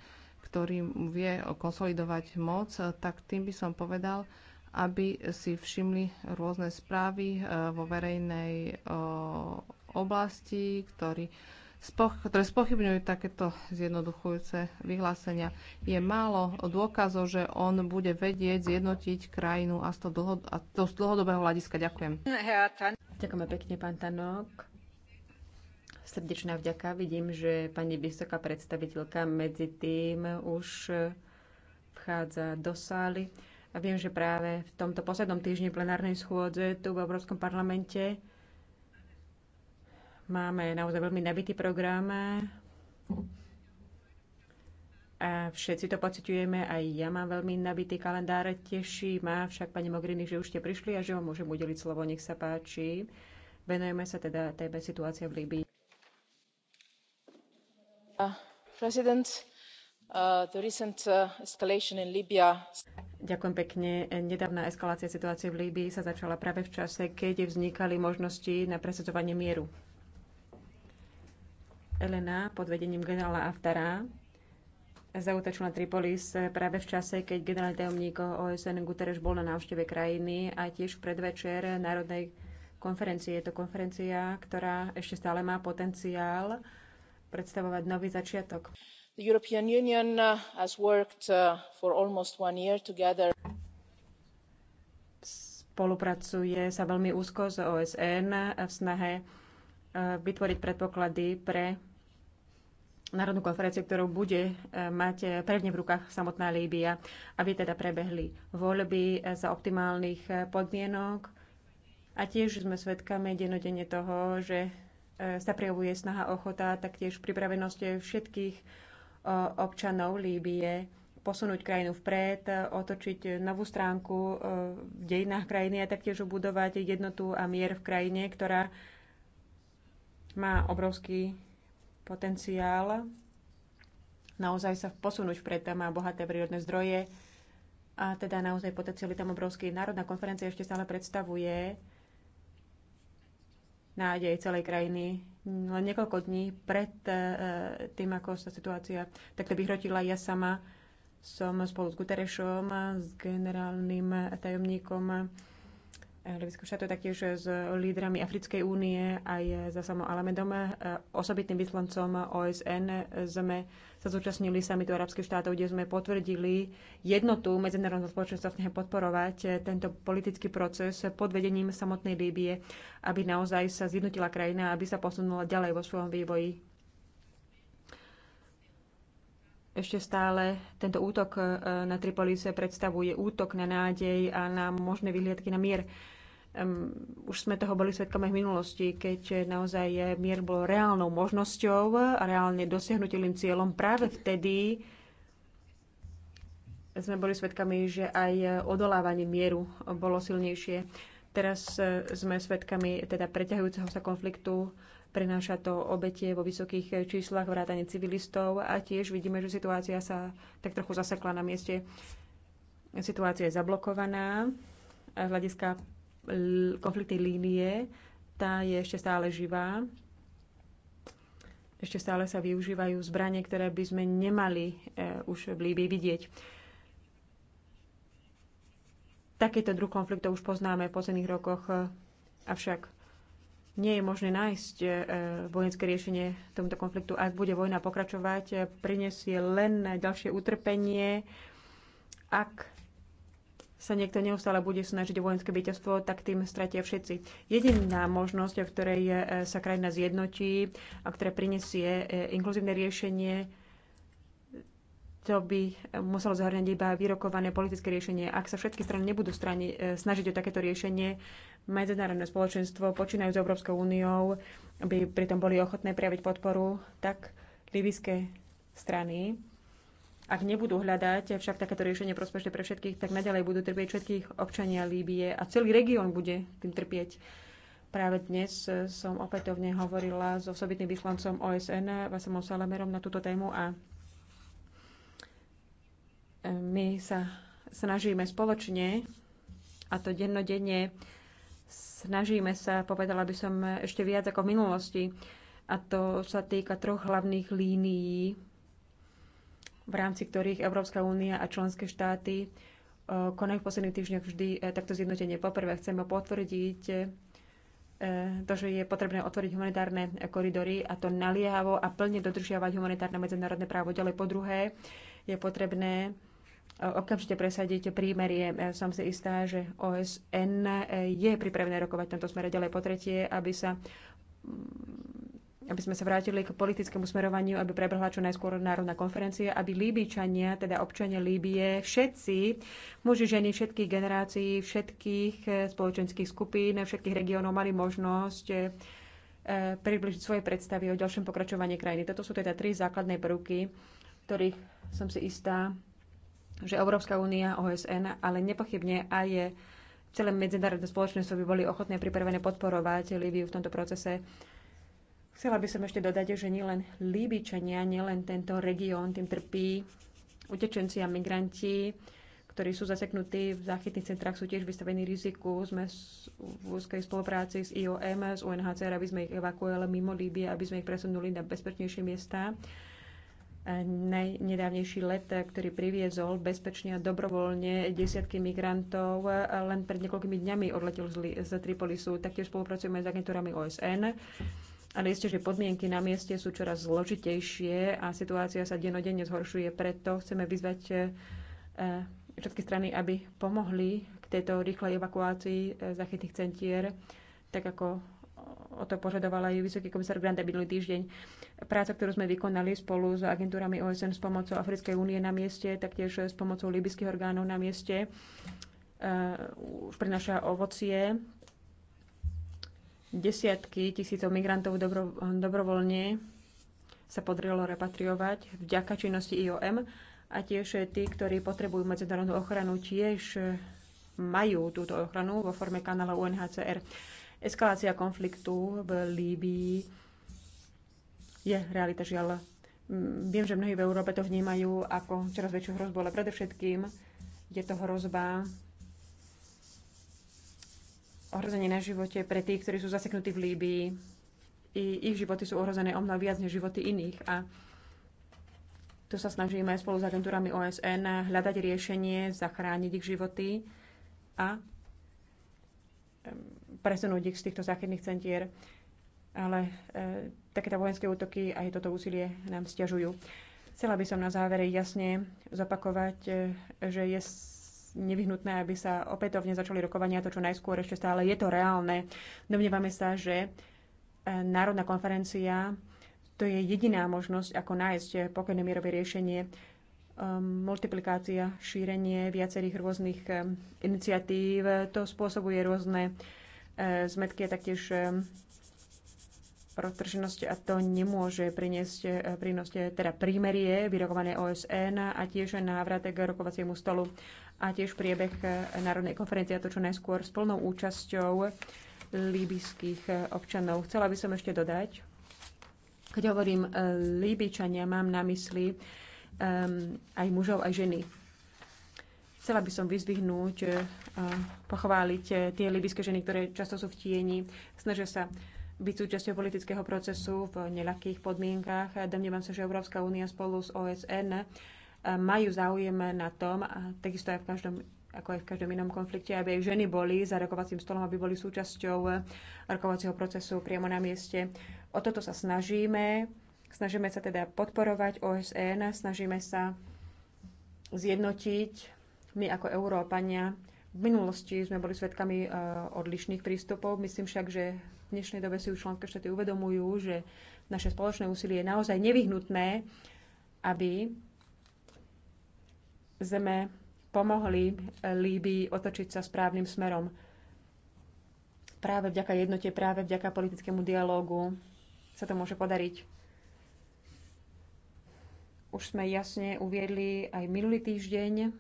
ktorý vie konsolidovať moc, tak tým by som povedal, aby si všimli rôzne správy eh, vo verejnej eh, oblasti, ktorý, ktoré spochybňujú takéto zjednoduchujúce vyhlásenia. Je málo dôkazov, že on bude vedieť zjednotiť krajinu a to z dlhodobého hľadiska. Ďakujem. Ďakujeme pekne, pán Tanok. Srdečná vďaka. Vidím, že pani vysoká predstaviteľka medzi tým už vchádza do sály. A viem, že práve v tomto poslednom týždni plenárnej schôdze tu v Európskom parlamente máme naozaj veľmi nabitý program. A všetci to pociťujeme, aj ja mám veľmi nabitý kalendár. Teší ma však pani Mogrini, že už ste prišli a že vám môžem udeliť slovo. Nech sa páči. Venujeme sa teda tej situácia v Líbii. Uh, uh, uh, Ďakujem pekne. Nedávna eskalácia situácie v Líbii sa začala práve v čase, keď vznikali možnosti na presadzovanie mieru. Elena pod vedením generála Aftara na Tripolis práve v čase, keď generálny tajomník OSN Guterres bol na návšteve krajiny a tiež v predvečer Národnej konferencie. Je to konferencia, ktorá ešte stále má potenciál predstavovať nový začiatok. Uh, uh, Spolupracuje sa veľmi úzko s OSN v snahe uh, vytvoriť predpoklady pre národnú konferenciu, ktorú bude mať pevne v rukách samotná Líbia, aby teda prebehli voľby za optimálnych podmienok. A tiež sme svedkami denodene toho, že E, sa prejavuje snaha ochota, taktiež pripravenosť všetkých e, občanov Líbie posunúť krajinu vpred, e, otočiť novú stránku v dejinách krajiny a taktiež budovať jednotu a mier v krajine, ktorá má obrovský potenciál naozaj sa posunúť vpred, tam má bohaté prírodné zdroje a teda naozaj potenciál je tam obrovský. Národná konferencia ešte stále predstavuje nádej celej krajiny. Len niekoľko dní pred e, tým, ako sa situácia takto vyhrotila, ja sama som spolu s Guterešom, s generálnym tajomníkom Levického štátu, taktiež s lídrami Africkej únie aj za samo Alamedom, e, osobitným vyslancom OSN sme sa zúčastnili samitu arabských štátov, kde sme potvrdili jednotu medzinárodného spoločenstva v podporovať eh, tento politický proces pod vedením samotnej Líbie, aby naozaj sa zjednotila krajina, aby sa posunula ďalej vo svojom vývoji. Ešte stále tento útok eh, na Tripolise predstavuje útok na nádej a na možné vyhliadky na mier. Um, už sme toho boli svetkami v minulosti, keď naozaj mier bol reálnou možnosťou a reálne dosiahnutelným cieľom. Práve vtedy sme boli svetkami, že aj odolávanie mieru bolo silnejšie. Teraz e, sme svetkami teda preťahujúceho sa konfliktu, prináša to obetie vo vysokých číslach vrátane civilistov a tiež vidíme, že situácia sa tak trochu zasekla na mieste. Situácia je zablokovaná z hľadiska konfliktnej línie, tá je ešte stále živá. Ešte stále sa využívajú zbranie, ktoré by sme nemali e, už v Líbii vidieť. Takýto druh konfliktov už poznáme v posledných rokoch, e, avšak nie je možné nájsť e, vojenské riešenie tomuto konfliktu. Ak bude vojna pokračovať, prinesie len ďalšie utrpenie. Ak sa niekto neustále bude snažiť o vojenské víťazstvo, tak tým stratia všetci. Jediná možnosť, v ktorej e, sa krajina zjednotí a ktoré prinesie e, inkluzívne riešenie, to by muselo zahrňať iba vyrokované politické riešenie. Ak sa všetky strany nebudú strani, e, snažiť o takéto riešenie, medzinárodné spoločenstvo, počínajú s Európskou úniou, by pritom boli ochotné prejaviť podporu, tak libyské strany ak nebudú hľadať však takéto riešenie prospešné pre všetkých, tak naďalej budú trpieť všetkých občania Líbie a celý región bude tým trpieť. Práve dnes som opätovne hovorila s osobitným vyslancom OSN, Vasemom Salamerom, na túto tému a my sa snažíme spoločne, a to dennodenne, snažíme sa, povedala by som, ešte viac ako v minulosti, a to sa týka troch hlavných línií v rámci ktorých Európska únia a členské štáty e, konajú v posledných týždňoch vždy e, takto zjednotenie. Poprvé chceme potvrdiť e, to, že je potrebné otvoriť humanitárne koridory a to naliehavo a plne dodržiavať humanitárne medzinárodné právo. Ďalej po druhé je potrebné okamžite presadiť prímerie. Som si istá, že OSN je pripravené rokovať v tomto smere ďalej po tretie, aby sa aby sme sa vrátili k politickému smerovaniu, aby prebrhla čo najskôr národná konferencia, aby Líbičania, teda občania Líbie, všetci, muži, ženy všetkých generácií, všetkých eh, spoločenských skupín, všetkých regiónov mali možnosť eh, približiť svoje predstavy o ďalšom pokračovaní krajiny. Toto sú teda tri základné prvky, ktorých som si istá, že Európska únia, OSN, ale nepochybne aj je celé medzinárodné spoločenstvo by boli ochotné pripravené podporovať Líbiu v tomto procese. Chcela by som ešte dodať, že nielen Líbičania, nielen tento región tým trpí. Utečenci a migranti, ktorí sú zaseknutí v záchytných centrách, sú tiež vystavení riziku. Sme v úzkej spolupráci s IOM, s UNHCR, aby sme ich evakuovali mimo Líbie, aby sme ich presunuli na bezpečnejšie miesta najnedávnejší let, ktorý priviezol bezpečne a dobrovoľne desiatky migrantov. Len pred niekoľkými dňami odletel z Tripolisu. Taktiež spolupracujeme s agentúrami OSN ale isté, že podmienky na mieste sú čoraz zložitejšie a situácia sa denodenne zhoršuje. Preto chceme vyzvať eh, všetky strany, aby pomohli k tejto rýchlej evakuácii eh, zachytných centier, tak ako o to požadovala aj vysoký komisár Granda minulý týždeň. Práca, ktorú sme vykonali spolu s agentúrami OSN s pomocou Africkej únie na mieste, taktiež s pomocou libyských orgánov na mieste, eh, už prináša ovocie Desiatky tisícov migrantov dobro, dobrovoľne sa podarilo repatriovať vďaka činnosti IOM a tiež tí, ktorí potrebujú medzinárodnú ochranu, tiež majú túto ochranu vo forme kanála UNHCR. Eskalácia konfliktu v Líbii je realita žiaľ. Mm, viem, že mnohí v Európe to vnímajú ako čoraz väčšiu hrozbu, ale predovšetkým je to hrozba ohrozenie na živote pre tých, ktorí sú zaseknutí v Líbii. I ich životy sú ohrozené o mnoho viac než životy iných. A tu sa snažíme aj spolu s agentúrami OSN hľadať riešenie, zachrániť ich životy a presunúť ich z týchto záchytných centier. Ale e, takéto vojenské útoky aj toto úsilie nám stiažujú. Chcela by som na závere jasne zopakovať, e, že je nevyhnutné, aby sa opätovne začali rokovania to, čo najskôr ešte stále je to reálne. Domnievame sa, že e, Národná konferencia to je jediná možnosť, ako nájsť pokojné mierové riešenie, e, multiplikácia, šírenie viacerých rôznych e, iniciatív. To spôsobuje rôzne zmetky a taktiež roztrženosti, a to nemôže priniesť prínos teda prímerie vyrokované OSN a tiež návrat k rokovaciemu stolu a tiež priebeh e, Národnej konferencie, a to čo najskôr s plnou účasťou líbyských e, občanov. Chcela by som ešte dodať, keď hovorím e, líbyčania, mám na mysli um, aj mužov, aj ženy. Chcela by som vyzvihnúť, uh, pochváliť tie líbyské ženy, ktoré často sú v tieni, snažia sa byť súčasťou politického procesu v neľahkých podmienkách. Domnievam sa, že Európska únia spolu s OSN E, majú záujem na tom, a takisto aj v každom ako aj v každom inom konflikte, aby aj ženy boli za rokovacím stolom, aby boli súčasťou e, rokovacieho procesu priamo na mieste. O toto sa snažíme. Snažíme sa teda podporovať OSN, snažíme sa zjednotiť my ako Európania. V minulosti sme boli svedkami e, odlišných prístupov. Myslím však, že v dnešnej dobe si už členské štáty uvedomujú, že naše spoločné úsilie je naozaj nevyhnutné, aby sme pomohli Líbii otočiť sa správnym smerom. Práve vďaka jednote, práve vďaka politickému dialógu sa to môže podariť. Už sme jasne uviedli aj minulý týždeň,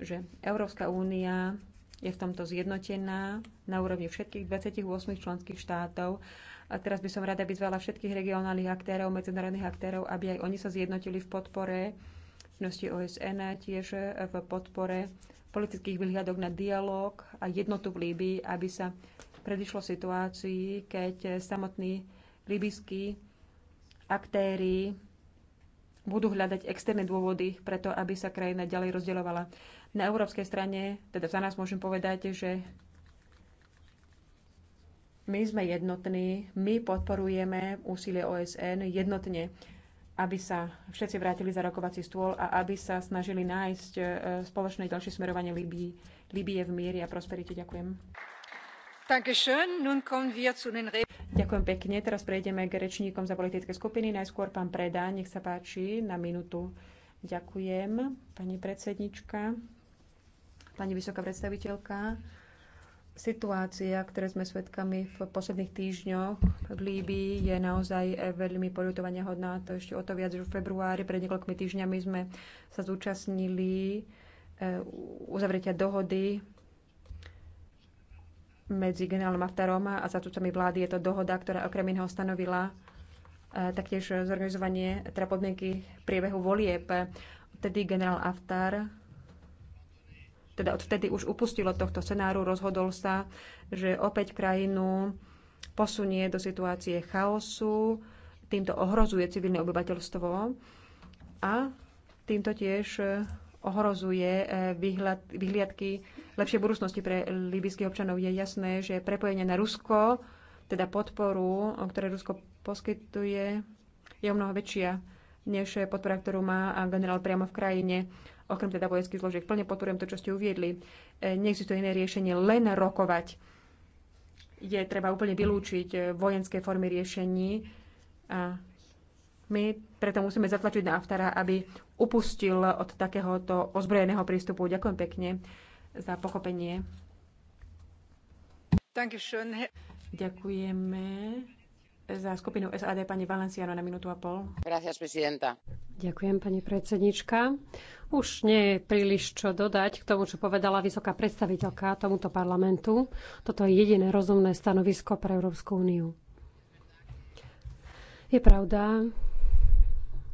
že Európska únia je v tomto zjednotená na úrovni všetkých 28 členských štátov. A teraz by som rada vyzvala všetkých regionálnych aktérov, medzinárodných aktérov, aby aj oni sa zjednotili v podpore činnosti OSN, tiež e, v podpore politických vyhľadok na dialog a jednotu v Líbii, aby sa predišlo situácii, keď e, samotní líbyskí aktéry budú hľadať externé dôvody preto, aby sa krajina ďalej rozdeľovala. Na európskej strane, teda za nás môžem povedať, že my sme jednotní, my podporujeme úsilie OSN jednotne aby sa všetci vrátili za rokovací stôl a aby sa snažili nájsť e, spoločné ďalšie smerovanie Libii, Libie v miery a prosperite. Ďakujem. Ďakujem pekne. Teraz prejdeme k rečníkom za politické skupiny. Najskôr pán Preda, nech sa páči, na minútu. Ďakujem, pani predsednička, pani vysoká predstaviteľka. Situácia, ktoré sme svedkami v posledných týždňoch v Líbii, je naozaj eh, veľmi poľutovania hodná. To ešte o to viac, že v februári pred niekoľkými týždňami sme sa zúčastnili eh, uzavretia dohody medzi generálom Aftarom a zástupcami vlády. Je to dohoda, ktorá okrem iného stanovila eh, taktiež zorganizovanie teda podmienky priebehu volieb. Vtedy generál Aftar teda odvtedy už upustilo tohto scenáru, rozhodol sa, že opäť krajinu posunie do situácie chaosu, týmto ohrozuje civilné obyvateľstvo a týmto tiež eh, ohrozuje eh, vyhľad, vyhliadky lepšie budúcnosti pre líbyských občanov. Je jasné, že prepojenie na Rusko, teda podporu, ktoré Rusko poskytuje, je o mnoho väčšia než podpora, ktorú má generál priamo v krajine okrem teda vojenských zložiek. Plne podporujem to, čo ste uviedli. E, neexistuje iné riešenie, len rokovať. Je treba úplne vylúčiť e, vojenské formy riešení. A my preto musíme zatlačiť na Aftara, aby upustil od takéhoto ozbrojeného prístupu. Ďakujem pekne za pochopenie. Ďakujeme za skupinu SAD pani Valenciano na minútu a pol. Gracias, Ďakujem, pani predsednička. Už nie je príliš čo dodať k tomu, čo povedala vysoká predstaviteľka tomuto parlamentu. Toto je jediné rozumné stanovisko pre Európsku úniu. Je pravda,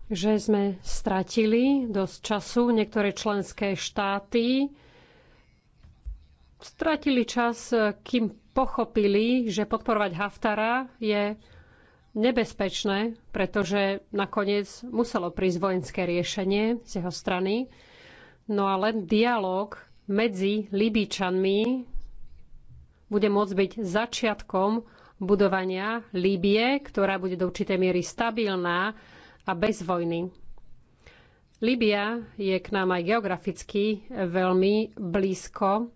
že sme stratili dosť času. Niektoré členské štáty stratili čas, kým pochopili, že podporovať Haftara je nebezpečné, pretože nakoniec muselo prísť vojenské riešenie z jeho strany. No a len dialog medzi Libíčanmi bude môcť byť začiatkom budovania Líbie, ktorá bude do určitej miery stabilná a bez vojny. Líbia je k nám aj geograficky veľmi blízko.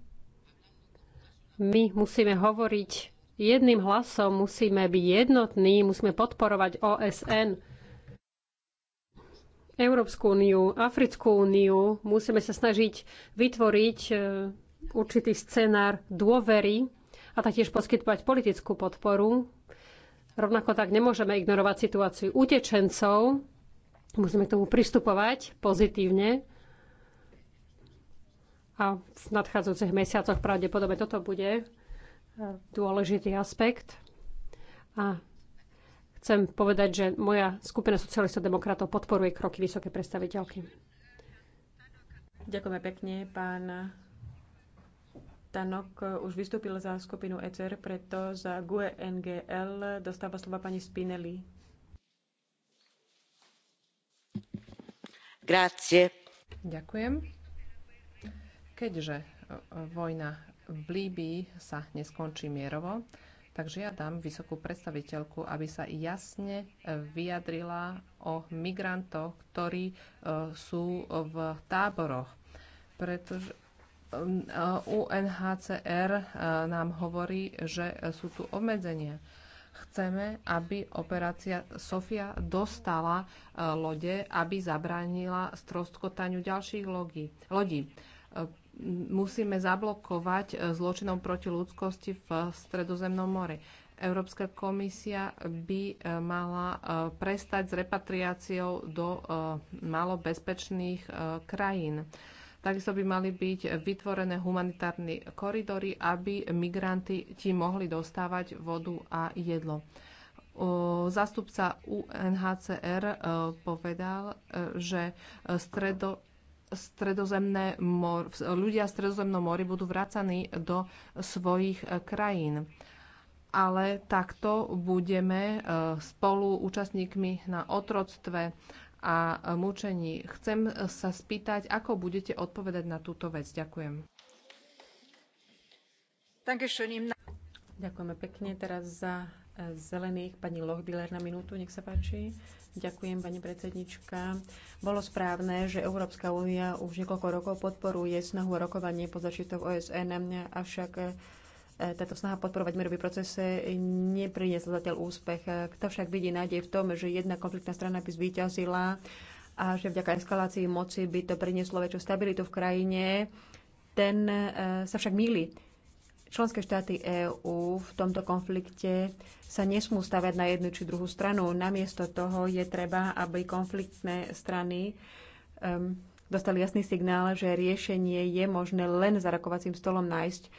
My musíme hovoriť jedným hlasom, musíme byť jednotní, musíme podporovať OSN, Európsku úniu, Africkú úniu. Musíme sa snažiť vytvoriť e, určitý scenár dôvery a taktiež poskytovať politickú podporu. Rovnako tak nemôžeme ignorovať situáciu utečencov. Musíme k tomu pristupovať pozitívne a v nadchádzajúcich mesiacoch pravdepodobne toto bude dôležitý aspekt. A chcem povedať, že moja skupina socialistov demokratov podporuje kroky vysoké predstaviteľky. Ďakujeme pekne, pán Tanok už vystúpil za skupinu ECR, preto za GUE NGL dostáva slova pani Spinelli. Grazie. Ďakujem. Keďže vojna v Líbii sa neskončí mierovo, tak žiadam vysokú predstaviteľku, aby sa jasne e, vyjadrila o migrantoch, ktorí e, sú v táboroch. Pretože e, UNHCR nám hovorí, že sú tu obmedzenia. Chceme, aby operácia Sofia dostala lode, aby zabránila stroskotaniu ďalších lodí musíme zablokovať e, zločinom proti ľudskosti v Stredozemnom mori. Európska komisia by e, mala e, prestať s repatriáciou do malobezpečných krajín. Takisto by mali byť vytvorené humanitárne koridory, aby migranti ti mohli dostávať vodu a jedlo. Zastupca UNHCR povedal, že stredo stredozemné mor, ľudia v stredozemnom mori budú vracaní do svojich e, krajín. Ale takto budeme e, spolu účastníkmi na otroctve a e, mučení. Chcem sa spýtať, ako budete odpovedať na túto vec. Ďakujem. Ďakujeme pekne. Teraz za zelených pani Lochbiller na minútu. Nech sa páči. Ďakujem, pani predsednička. Bolo správne, že Európska únia už niekoľko rokov podporuje snahu rokovanie pod začiatok OSN, avšak e, táto snaha podporovať mierový proces e, nepriniesla zatiaľ úspech. Kto však vidí nádej v tom, že jedna konfliktná strana by zvíťazila a že vďaka eskalácii moci by to prinieslo väčšiu stabilitu v krajine, ten e, sa však mýli. Členské štáty EÚ v tomto konflikte sa nesmú stavať na jednu či druhú stranu. Namiesto toho je treba, aby konfliktné strany um, dostali jasný signál, že riešenie je možné len za rokovacím stolom nájsť. E,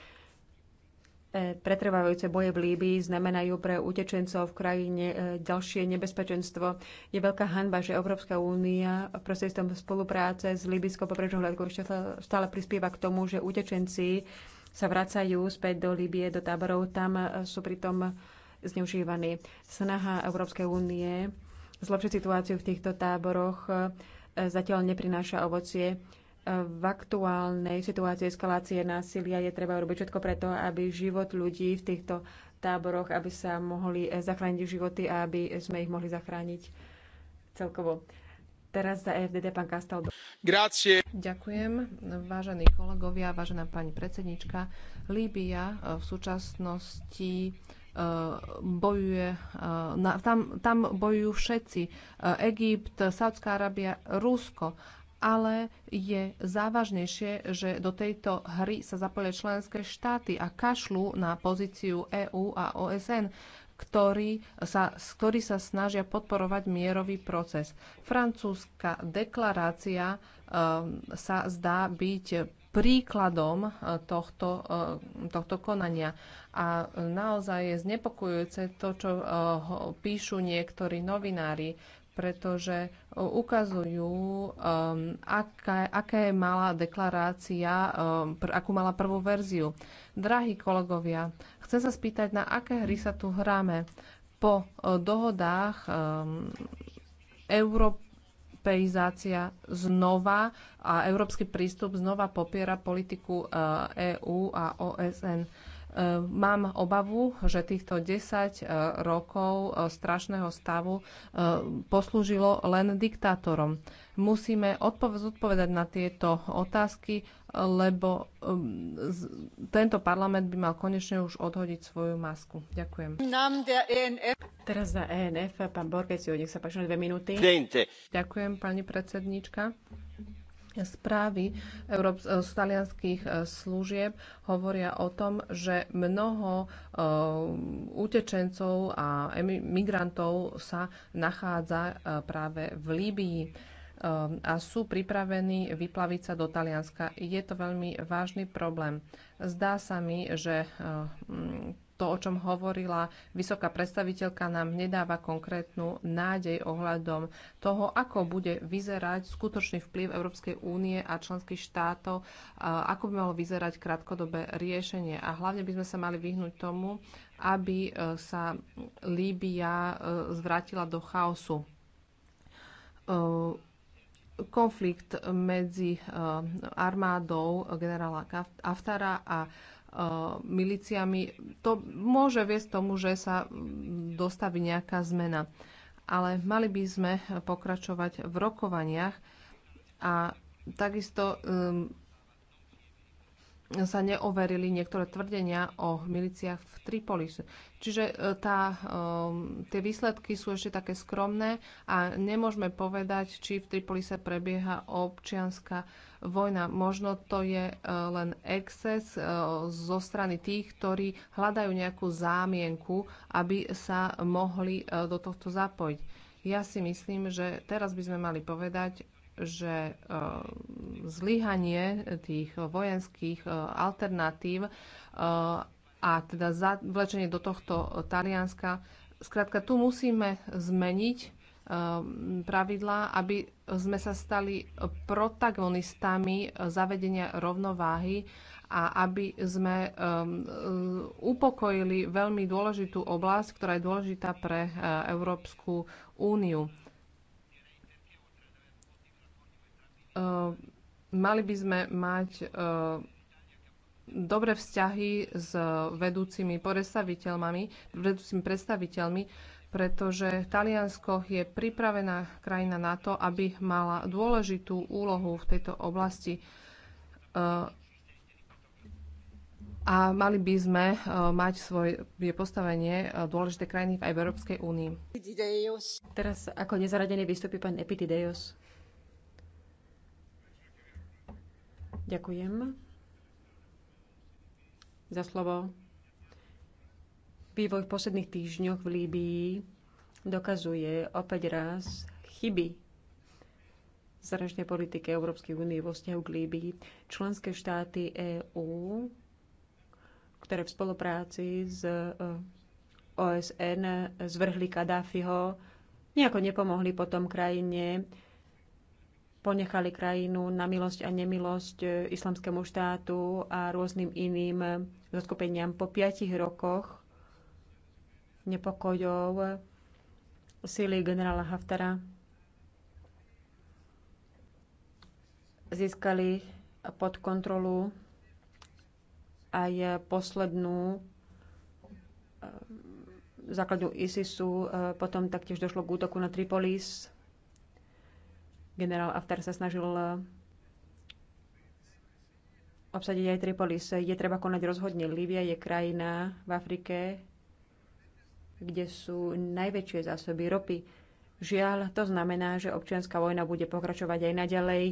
pretrvávajúce boje v Líbii znamenajú pre utečencov v krajine e, ďalšie nebezpečenstvo. Je veľká hanba, že Európska únia prostredstvom spolupráce s Líbyskou pobrežnou hľadkou ešte stále prispieva k tomu, že utečenci sa vracajú späť do Libie, do táborov. Tam e, sú pritom zneužívaní. Snaha Európskej únie zlepšiť situáciu v týchto táboroch e, zatiaľ neprináša ovocie. E, v aktuálnej situácii eskalácie násilia je treba urobiť všetko preto, aby život ľudí v týchto táboroch, aby sa mohli zachrániť životy a aby sme ich mohli zachrániť celkovo. Teraz za e FDD pán Kastaldo. Grazie. Ďakujem, vážení kolegovia, vážená pani predsednička. Líbia eh, v súčasnosti eh, bojuje, eh, tam, tam bojujú všetci. Egypt, Saudská Arábia, Rusko. Ale je závažnejšie, že do tejto hry sa zapojili členské štáty a kašľú na pozíciu EÚ a OSN ktorí sa, ktorí sa snažia podporovať mierový proces. Francúzska deklarácia um, sa zdá byť príkladom uh, tohto, uh, tohto konania. A naozaj je znepokojujúce to, čo uh, píšu niektorí novinári, pretože ukazujú, um, aká, aká je malá deklarácia, um, pr, akú mala prvú verziu. Drahí kolegovia, chcem sa spýtať, na aké hry sa tu hráme. Po uh, dohodách um, europeizácia znova a európsky prístup znova popiera politiku uh, EÚ a OSN Ehm, mám obavu, že týchto 10 ehm, rokov ehm, strašného stavu poslúžilo len diktátorom. Musíme zodpovedať na tieto otázky, lebo tento parlament by mal konečne už odhodiť svoju masku. Ďakujem. E Teraz za ENF, pán Borgecio, nech sa páči na dve minúty. Ďakujem, pani predsedníčka. Správy eh, z talianských eh, služieb hovoria o tom, že mnoho eh, utečencov a migrantov sa nachádza práve v Líbii a sú pripravení vyplaviť sa do Talianska. Je to veľmi vážny problém. Zdá sa mi, že to, o čom hovorila vysoká predstaviteľka, nám nedáva konkrétnu nádej ohľadom toho, ako bude vyzerať skutočný vplyv Európskej únie a členských štátov, ako by malo vyzerať krátkodobé riešenie. A hlavne by sme sa mali vyhnúť tomu, aby e, sa Líbia e, zvrátila do chaosu e, konflikt medzi armádou generála Aftara a E, miliciami, to môže viesť tomu, že sa dostaví nejaká zmena. Ale mali by sme pokračovať v rokovaniach a takisto um, sa neoverili niektoré tvrdenia o miliciach v Tripolis. Čiže e, tá, um, tie výsledky sú ešte také skromné a nemôžeme povedať, či v Tripolise prebieha občianská vojna. Možno to je e, len exces e, zo strany tých, ktorí hľadajú nejakú zámienku, aby sa mohli e, do tohto zapojiť. Ja si myslím, že teraz by sme mali povedať, že zlyhanie tých vojenských alternatív a teda zavlečenie do tohto Talianska, skrátka tu musíme zmeniť Um, pravidlá, aby sme sa stali protagonistami zavedenia rovnováhy a aby sme um, upokojili veľmi dôležitú oblasť, ktorá je dôležitá pre uh, Európsku úniu. Uh, mali by sme mať uh, dobré vzťahy s vedúcimi predstaviteľmi, vedúcimi predstaviteľmi pretože Taliansko je pripravená krajina na to, aby mala dôležitú úlohu v tejto oblasti. Eh, a mali by sme eh, mať svoje postavenie eh, dôležité krajiny aj v Európskej únii. Teraz ako nezaradený vystupí pán Epitideos. Ďakujem za slovo. Vývoj v posledných týždňoch v Líbii dokazuje opäť raz chyby zražnej politike Európskej únie vo vzťahu k Líbii. Členské štáty EÚ, ktoré v spolupráci s e, OSN zvrhli Kadáfiho, nejako nepomohli potom krajine, ponechali krajinu na milosť a nemilosť e, islamskému štátu a rôznym iným zoskupeniam po piatich rokoch nepokojov síly generála Haftara získali pod kontrolu aj poslednú eh, základňu ISISu. Eh, potom taktiež došlo k útoku na Tripolis. Generál Haftar sa snažil eh, obsadiť aj Tripolis. Je treba konať rozhodne. Líbia je krajina v Afrike, kde sú najväčšie zásoby ropy. Žiaľ, to znamená, že občianská vojna bude pokračovať aj naďalej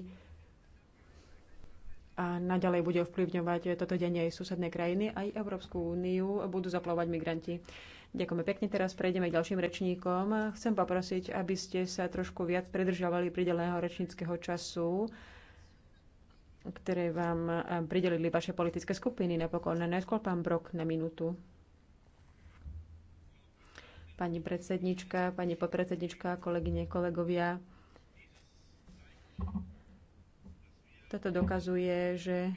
a naďalej bude ovplyvňovať toto denie aj susedné krajiny, aj Európsku úniu budú zaplovať migranti. Ďakujeme pekne, teraz prejdeme k ďalším rečníkom. Chcem poprosiť, aby ste sa trošku viac predržiavali prideleného rečníckého času, ktoré vám pridelili vaše politické skupiny. Napokon najskôr pán Brok na minútu pani predsednička, pani podpredsednička, kolegyne, kolegovia. Toto dokazuje, že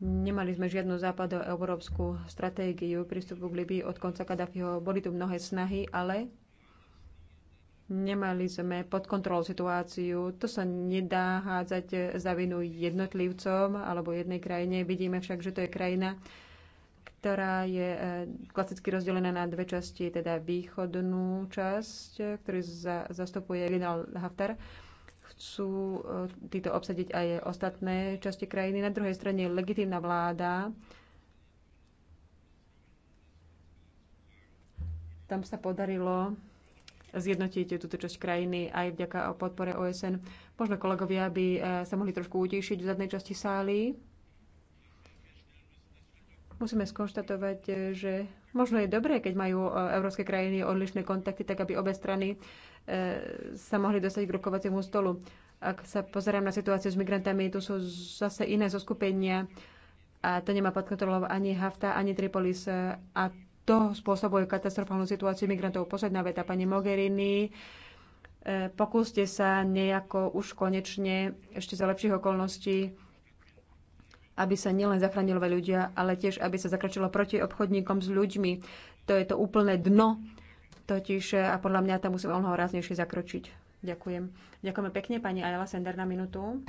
nemali sme žiadnu západoeurópsku stratégiu prístupu k Libii od konca Kadáfiho. Boli tu mnohé snahy, ale nemali sme pod kontrolou situáciu. To sa nedá hádzať za vinu jednotlivcom alebo jednej krajine. Vidíme však, že to je krajina, ktorá je e, klasicky rozdelená na dve časti, teda východnú časť, e, ktorú za, zastupuje generál Haftar. Chcú e, títo obsadiť aj ostatné časti krajiny. Na druhej strane je legitímna vláda. Tam sa podarilo zjednotiť túto časť krajiny aj vďaka podpore OSN. Možno kolegovia by sa mohli trošku utíšiť v zadnej časti sály musíme skonštatovať, e, že možno je dobré, keď majú e, európske krajiny odlišné kontakty, tak aby obe strany e, sa mohli dostať k rokovaciemu stolu. Ak sa pozerám na situáciu s migrantami, tu sú zase iné zoskupenia a to nemá pod kontrolou ani Hafta, ani Tripolis a to spôsobuje katastrofálnu situáciu migrantov. Posledná veta pani Mogherini. Pokúste sa nejako už konečne ešte za lepších okolností aby sa nielen zachránili ľudia, ale tiež, aby sa zakročilo proti obchodníkom s ľuďmi. To je to úplné dno totiž eh, a podľa mňa tam musíme o ráznejšie zakročiť. Ďakujem. Ďakujeme pekne, pani Ajala Sender na minútu.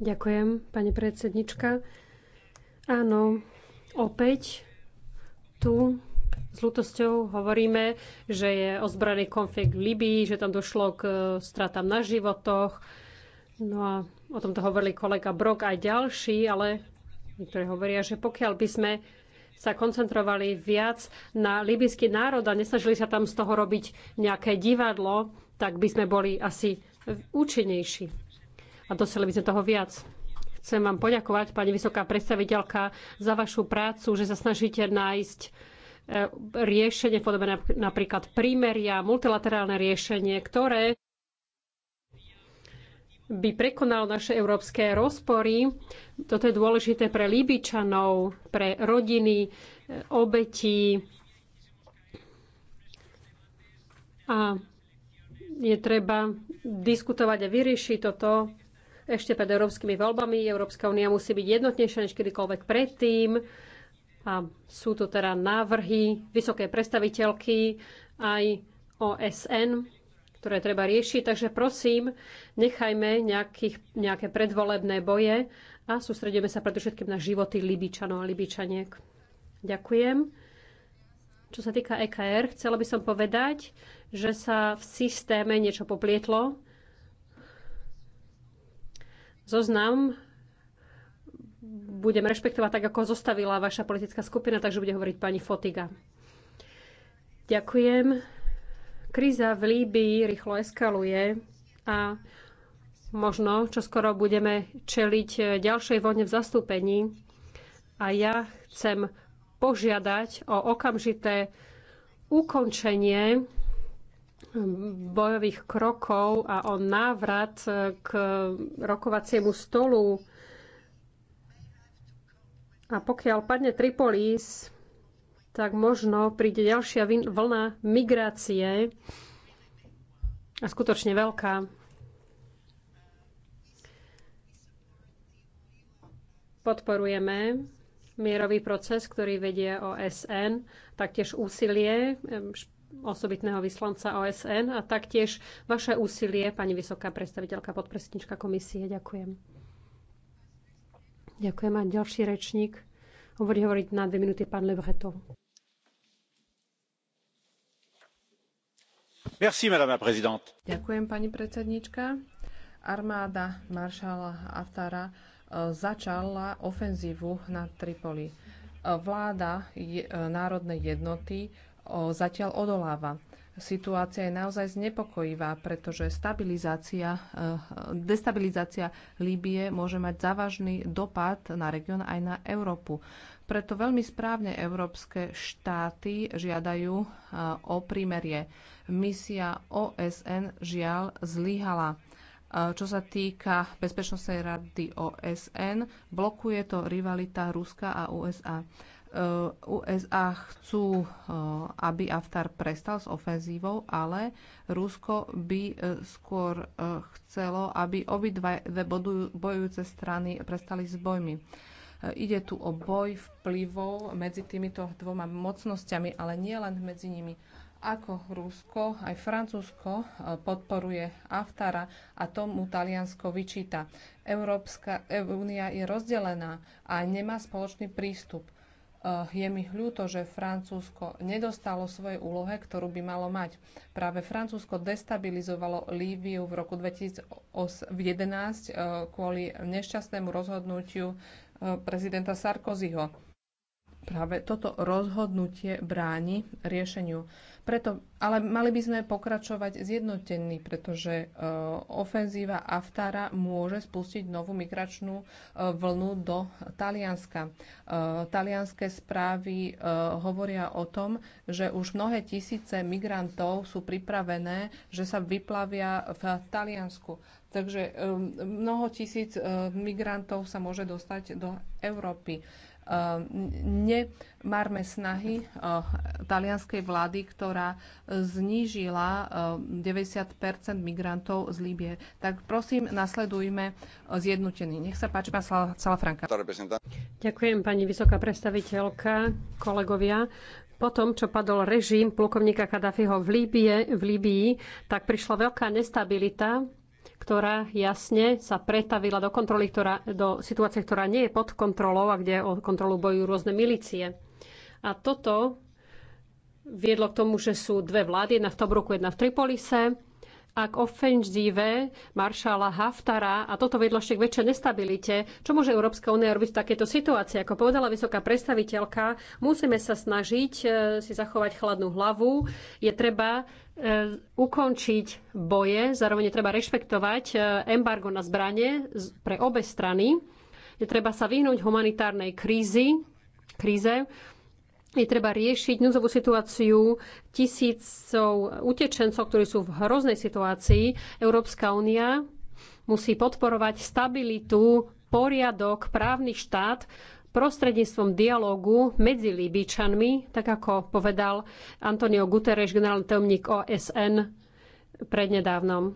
Ďakujem, pani predsednička. Áno, opäť tu s ľutosťou hovoríme, že je ozbrojený konflikt v Libii, že tam došlo k e, stratám na životoch. No a o tomto hovorili kolega Brok aj ďalší, ale niektorí hovoria, že pokiaľ by sme sa koncentrovali viac na libyský národ a nesnažili sa tam z toho robiť nejaké divadlo, tak by sme boli asi účinnejší a dosiahli by sme toho viac. Chcem vám poďakovať, pani vysoká predstaviteľka, za vašu prácu, že sa snažíte nájsť E, riešenie v podobe napríklad prímeria, multilaterálne riešenie, ktoré by prekonal naše európske rozpory. Toto je dôležité pre Líbičanov, pre rodiny, e, obetí. A je treba diskutovať a vyriešiť toto ešte pred európskymi voľbami. Európska únia musí byť jednotnejšia než kedykoľvek predtým. A sú to teda návrhy vysoké predstaviteľky aj OSN, ktoré treba riešiť. Takže prosím, nechajme nejakých, nejaké predvolebné boje a sústredíme sa predovšetkým na životy Libičanov a Libičaniek. Ďakujem. Čo sa týka EKR, chcela by som povedať, že sa v systéme niečo poplietlo. Zoznam budem rešpektovať tak, ako zostavila vaša politická skupina, takže bude hovoriť pani Fotiga. Ďakujem. Kríza v Líbii rýchlo eskaluje a možno čo skoro budeme čeliť ďalšej vojne v zastúpení. A ja chcem požiadať o okamžité ukončenie bojových krokov a o návrat k rokovaciemu stolu a pokiaľ padne Tripolis, tak možno príde ďalšia vlna migrácie a skutočne veľká. Podporujeme mierový proces, ktorý vedie OSN, taktiež úsilie osobitného vyslanca OSN a taktiež vaše úsilie, pani vysoká predstaviteľka, podpredsednička komisie. Ďakujem. Ďakujem a ďalší rečník. Hovorí hovoriť na dve minúty pán Lebreton. Merci, madame la présidente. Ďakujem, pani predsednička. Armáda maršala Aftara e, začala ofenzívu na Tripoli. E, vláda e, národnej jednoty zatiaľ odoláva. Situácia je naozaj znepokojivá, pretože stabilizácia, eh, destabilizácia Líbie môže mať závažný dopad na región aj na Európu. Preto veľmi správne európske štáty žiadajú eh, o prímerie. Misia OSN žiaľ zlyhala. Eh, čo sa týka Bezpečnostnej rady OSN, blokuje to rivalita Ruska a USA. Eh, USA chcú, eh, aby Aftar prestal s ofenzívou, ale Rusko by eh, skôr chcelo, aby obidve bojujúce strany prestali s bojmi. Ide tu o boj vplyvov medzi týmito dvoma mocnosťami, ale nie len medzi nimi. Ako Rusko, aj Francúzsko podporuje Aftara a tomu Taliansko vyčíta. Európska únia je rozdelená a nemá spoločný prístup Eh, je mi ľúto, že Francúzsko nedostalo svoje úlohe, ktorú by malo mať. Práve Francúzsko destabilizovalo Líbiu v roku 2011 eh, kvôli nešťastnému rozhodnutiu eh, prezidenta Sarkozyho práve toto rozhodnutie bráni riešeniu. Preto, ale mali by sme pokračovať zjednotení, pretože e, ofenzíva Aftara môže spustiť novú migračnú e, vlnu do Talianska. E, talianské správy e, hovoria o tom, že už mnohé tisíce migrantov sú pripravené, že sa vyplavia v Taliansku. Takže e, mnoho tisíc e, migrantov sa môže dostať do Európy. Ehm, Nemárme snahy eh, talianskej vlády, ktorá znížila 90 ehm, migrantov z Líbie. Tak prosím, nasledujme eh, zjednotený. Nech sa páči, pán Salafranka. Ďakujem, pani vysoká predstaviteľka, kolegovia. Po tom, čo padol režim plukovníka Kadafiho v, Líbie, v Líbii, tak prišla veľká nestabilita ktorá jasne sa pretavila do, kontroly, ktorá, do situácie, ktorá nie je pod kontrolou a kde o kontrolu bojujú rôzne milície. A toto viedlo k tomu, že sú dve vlády, jedna v Tobruku, jedna v Tripolise a k ofenzíve maršála Haftara a toto vedlo ešte k väčšej nestabilite. Čo môže Európska únia robiť v takejto situácii? Ako povedala vysoká predstaviteľka, musíme sa snažiť e, si zachovať chladnú hlavu. Je treba E, ukončiť boje, zároveň treba rešpektovať e, embargo na zbranie pre obe strany. Je treba sa vyhnúť humanitárnej krízi, kríze. Je treba riešiť núzovú situáciu tisícov utečencov, ktorí sú v hroznej situácii. Európska únia musí podporovať stabilitu, poriadok, právny štát prostredníctvom dialógu medzi Líbičanmi, tak ako povedal Antonio Guterres, generálny tajomník OSN prednedávnom.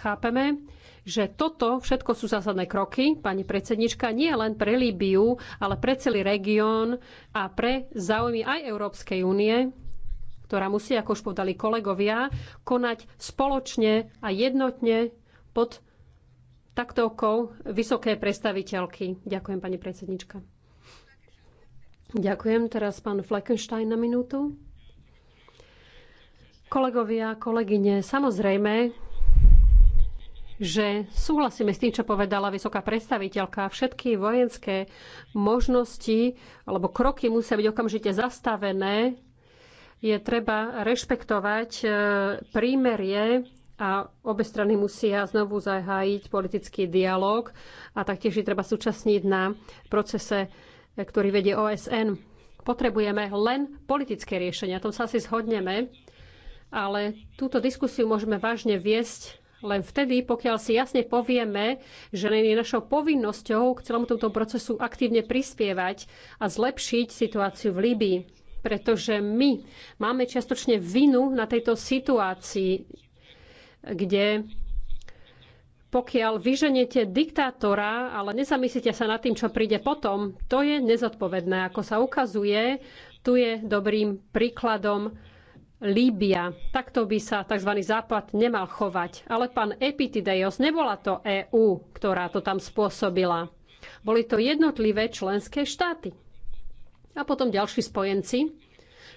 Chápeme, že toto všetko sú zásadné kroky, pani predsednička, nie len pre Líbiu, ale pre celý región a pre záujmy aj Európskej únie, ktorá musí, ako už povedali kolegovia, konať spoločne a jednotne pod taktovkou vysoké predstaviteľky. Ďakujem, pani predsednička. Ďakujem. Teraz pán Fleckenstein na minútu. Kolegovia, kolegyne, samozrejme, že súhlasíme s tým, čo povedala vysoká predstaviteľka. Všetky vojenské možnosti alebo kroky musia byť okamžite zastavené. Je treba rešpektovať e, prímerie a obe strany musia znovu zahájiť politický dialog a taktiež je treba súčasniť na procese, eh, ktorý vedie OSN. Potrebujeme len politické riešenia, tom sa asi zhodneme, ale túto diskusiu môžeme vážne viesť len vtedy, pokiaľ si jasne povieme, že je našou povinnosťou k celému tomuto procesu aktívne prispievať a zlepšiť situáciu v Líbii pretože my máme čiastočne vinu na tejto situácii kde pokiaľ vyženete diktátora, ale nezamyslíte sa nad tým, čo príde potom, to je nezodpovedné. Ako sa ukazuje, tu je dobrým príkladom Líbia. Takto by sa tzv. Západ nemal chovať. Ale pán Epitideios, nebola to EÚ, ktorá to tam spôsobila. Boli to jednotlivé členské štáty. A potom ďalší spojenci,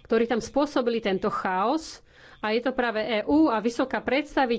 ktorí tam spôsobili tento chaos. A je to práve EÚ a vysoká predstaviteľ,